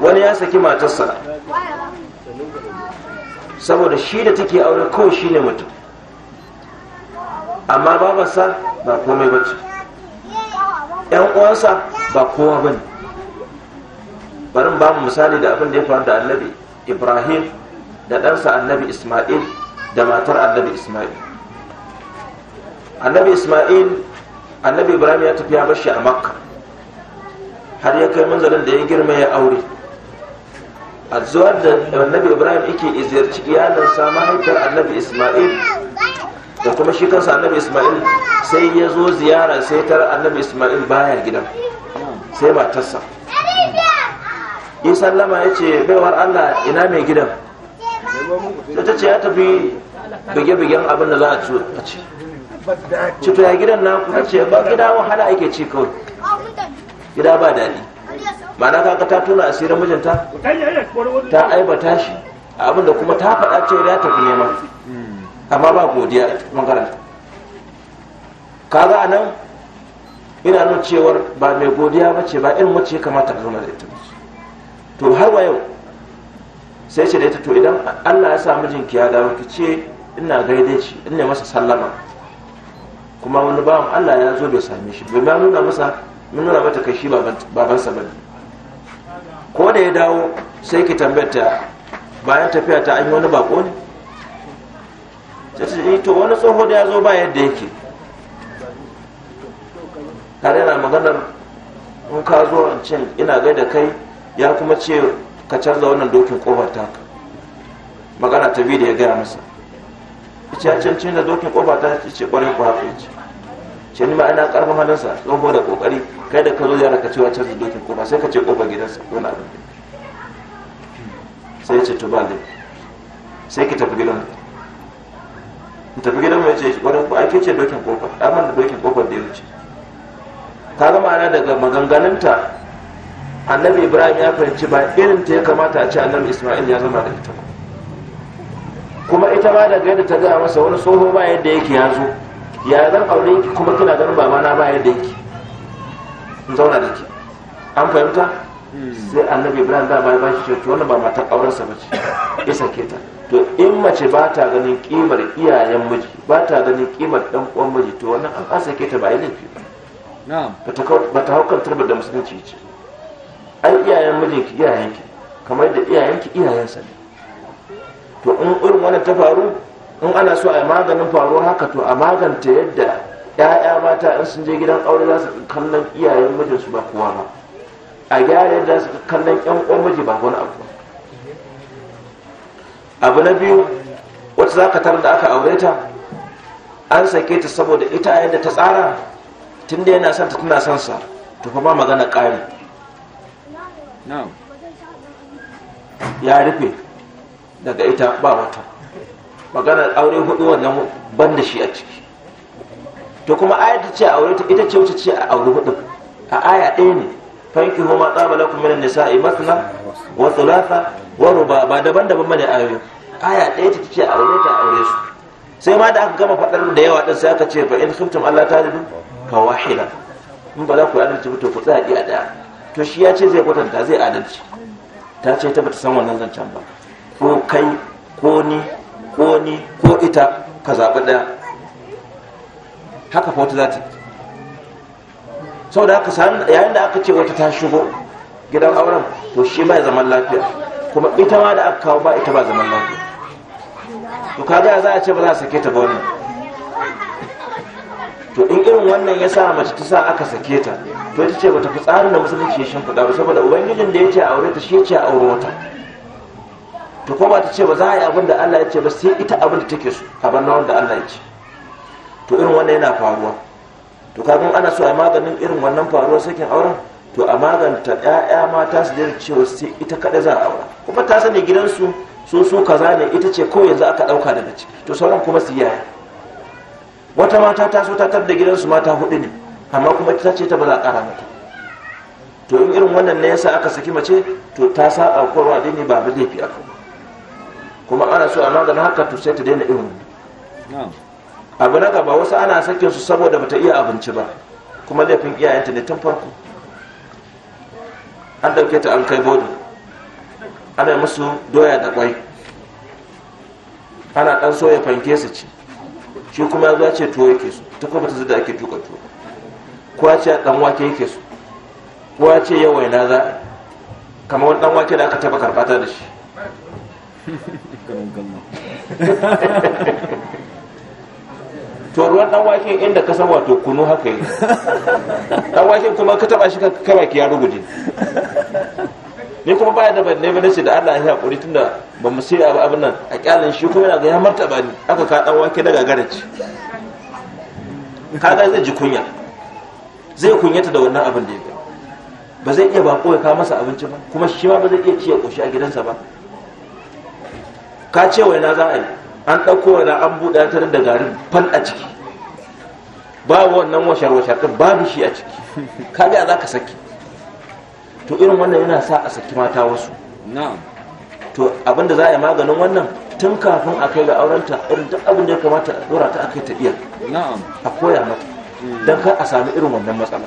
wani ya saki matarsa saboda shi da take aure kawai shi ne mutum amma babansa ba komai ce, yan uwansa ba kowa ba ne barin ba mu misali da abin da ya faru da annabi ibrahim da ɗansa annabi ismail da matar annabi ismail annabi isma'il annabi ibrahim ya tafi ya bashi a makka har ya kai manzalin da ya girma ya aure a zuwa da annabi ibrahim yake iziyarci iyalinsa mahaifiyar annabi isma'il da kuma shi kansa annabi isma'il sai ya zo ziyara sai tar annabi isma'il baya gidan sai matarsa yi sallama ya ce baiwar allah ina mai gidan ta ce ya tafi bige-bigen abin za a ci ci ya gidan na ku ce ba gida wahala ake ci kawai gida ba daɗi ma'ana kaka ta tona asirin mijinta ta aibata shi abin da kuma ta faɗa ce ya tafi nema amma ba godiya makaranta kaga a nan ina nuna cewar ba mai godiya ba ce ba irin mace ya kamata ka zama da ita to har wa yau sai ce da ita to idan allah ya sa mijinki ya dawo ki ce ina gaide shi ina masa sallama kuma wani bawan Allah ya zo bai same shi bai nuna masa mun nuna mata kashi baban sa bane ko da ya dawo sai ki ta, bayan tafiya ta an yi wani bako ne ta ce eh, to wani tsoho da ya zo ba yadda yake tare na maganar in ka zo an ce ina gaida kai ya kuma ce ka canza wannan dokin kofar taka magana ta biyu da ya gaya masa ce a cancin da dokin kofa ta ce kwarai kwa haka ce ni ma'ana ina karfin halinsa tsoho da kokari kai da ka zo yara ka cewa canza dokin kofa sai ka ce kofa gidansa na abin sai ce to ba sai ki tafi gidan ki tafi gidan mai ce kwarai kwa ake ce dokin kofa amma da dokin kofar da ya wuce ta ga ma'ana daga maganganunta annabi ibrahim ya fahimci ba irin ta ya kamata a ce annabi isma'il ya zama da ita ba kuma ita ma daga yadda ta gaya masa wani tsoho ba yadda yake ya zo ya zan aure ki kuma kina ganin babana ba yadda yake in zauna da ke an fahimta sai annabi ibrahim da ba ba shi ce wannan ba matar aurensa ba bace isa ke ta to in mace ba ta ganin kimar iyayen miji ba ta ganin kimar dan uwan miji to wannan an asa ke ta ba yi laifi ba ta hukar turbar da musulunci ce ai iyayen mijinki iyayenki kamar da iyayenki iyayen ne to in irin wannan ta faru in ana so a maganin faruwar haka to a maganta yadda ya'ya mata in sun je gidan aure za su kallon iyayen mijinsu ba kowa ba a gyara yadda su kallon yan uwan miji ba wani abu abu na biyu wata za ka da aka aure ta an sake ta saboda ita yadda ta tsara tun da yana son ta tana son sa to fa ba magana ƙari ya rufe daga ita ba wata maganar aure hudu wannan ban da shi a ciki to kuma ayar ta ce aure ta ita ce wuce ce a aure hudu a aya ɗaya ne fanki homa tsaba lakum minan Nisa, a wa wasu lafa ruba ba daban-daban mana ayoyi aya ɗaya ta ce aure ta aure su sai ma da aka gama faɗar da yawa ɗin sai aka ce fa in khiftum Allah ta zidu fa wahila in ba za ku adalci to ku tsaya a ɗaya to shi ya ce zai kwatanta zai adalci ta ce ta bata san wannan zancen ba ko kai ko ni ko ni ko ita ka zaɓi ɗaya haka fa wata za ta saboda haka yayin da aka ce wata ta shigo gidan auren to shi ba zaman lafiya kuma ita ma da aka kawo ba ita ba zaman lafiya to kaga za a ce ba za a sake ta ba wannan to in irin wannan ya sa mace ta sa aka sake ta to ita ce bata fi tsarin da musulunci ya shimfiɗa ba saboda ubangijin da ya ce a aure ta shi ya ce a aure wata To ko ba ta ce ba za a yi abin da Allah ya ce ba sai ita abin da take so a bar na wanda Allah ya ce to irin wannan yana faruwa to kafin ana so a maganin irin wannan faruwar sakin auren to a maganta ƴaƴa mata su daina cewa sai ita kada za a aura kuma ta sani gidansu sun so kaza ne ita ce ko yanzu aka ɗauka daga ciki to sauran kuma su yaya wata mata ta so ta tar da gidansu mata hudu ne amma kuma ta ce ta ba za a ƙara mata to in irin wannan ne yasa aka saki mace to ta saba korwa dai ne ba laifi ba kuma ana so a maganin haka to sai ta daina irin abu na gaba wasu ana sakin su saboda bata iya abinci ba kuma laifin iyayenta ne tun farko an dauke ta an kai bodu ana musu doya da kwai ana dan soya fanke su ci shi kuma ya zuwa ce tuwo yake su ta kuma ta da ake tuka tuwo kuwa ce dan wake yake su kuwa ce yawai na za kamar wani dan wake da aka taba karbata da shi to ruwan wake inda ka san wato kunu haka yi Ɗanwake wake kuma ka taɓa shi ka baki ya ruguje ni kuma baya da bane ba nace da Allah ya hakuri tunda ba mu sai abu abin nan a kyalin shi kuma yana ga ya martaba ni aka ka ɗanwake wake daga garaci kaga zai ji kunya zai kunyata da wannan abin da ya ba zai iya ba kawai ka masa abinci ba kuma shi ma ba zai iya ciye koshi a gidansa ba ka ce na za a yi an ɗauko waina an buɗe ta da garin fal a ciki babu wannan washar washar ɗin babu shi a ciki ka ga za ka saki to irin wannan yana sa a saki mata wasu to abinda za a yi maganin wannan tun kafin a kai ga aurenta irin duk abin da ya kamata a dora ta akai ta iya a koya mata hmm. don kar a sami irin wannan matsala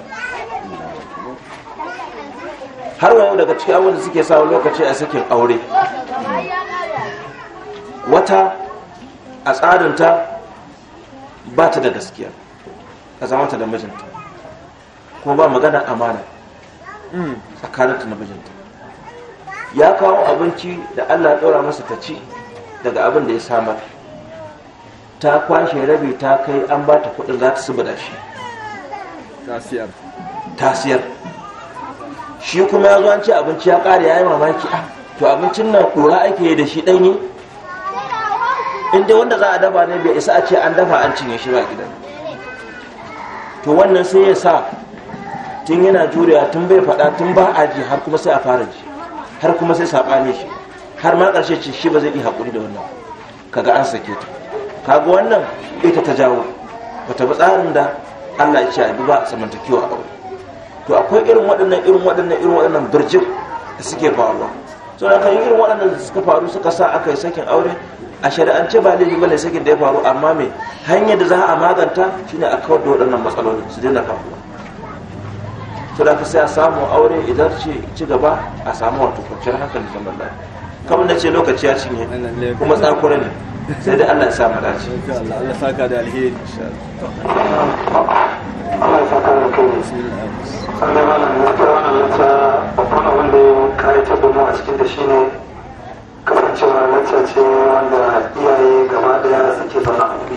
har wani yau daga cikin abin da suke sa lokaci a sakin aure wata a tsarinta ba ta da gaskiya a zamanta da mijinta kuma ba magana amana hmm. tsakaninta da mijinta ya kawo abinci da allah ɗora masa ta ci daga abin da ya samar ta kwashe rabi ta kai an ba ta kudin za ta subada shi tasiyar shi kuma ya zo an ce abinci ya ƙara ya yi mamaki ah, to abincin nan ɗora ake da shi ɗanyi Inda wanda za a dafa ne bai isa a ce an dafa an cinye shi ba gidan to wannan sai ya sa tun yana juriya tun bai faɗa tun ba a ji har kuma sai a fara ji har kuma sai ne shi har ma karshe ce shi ba zai iya haƙuri da wannan kaga an sake ta kaga wannan ita ta jawo ta bi tsarin da Allah ya ce a ba samantakewa a to akwai irin waɗannan irin waɗannan irin waɗannan birjin da suke faruwa so da kan irin waɗannan da suka faru suka sa aka yi sakin aure a shari'ance ba laifi bane sakin da ya faru amma me hanyar da za a maganta shine a kawar da waɗannan matsaloli su daina faruwa to da ka sai a samu aure idan ce ci gaba a samu wato kwanciyar hankali da zaman lafiya kamar da ce lokaci ya cinye kuma tsakura ne sai da Allah ya sa mu dace Allah saka da alheri Allah ya saka da alheri sannan malam ya kira wannan ta babban abin da ya kare ta a cikin da shine kasancewa na ce wanda iyaye gaba daya suke zama a wuri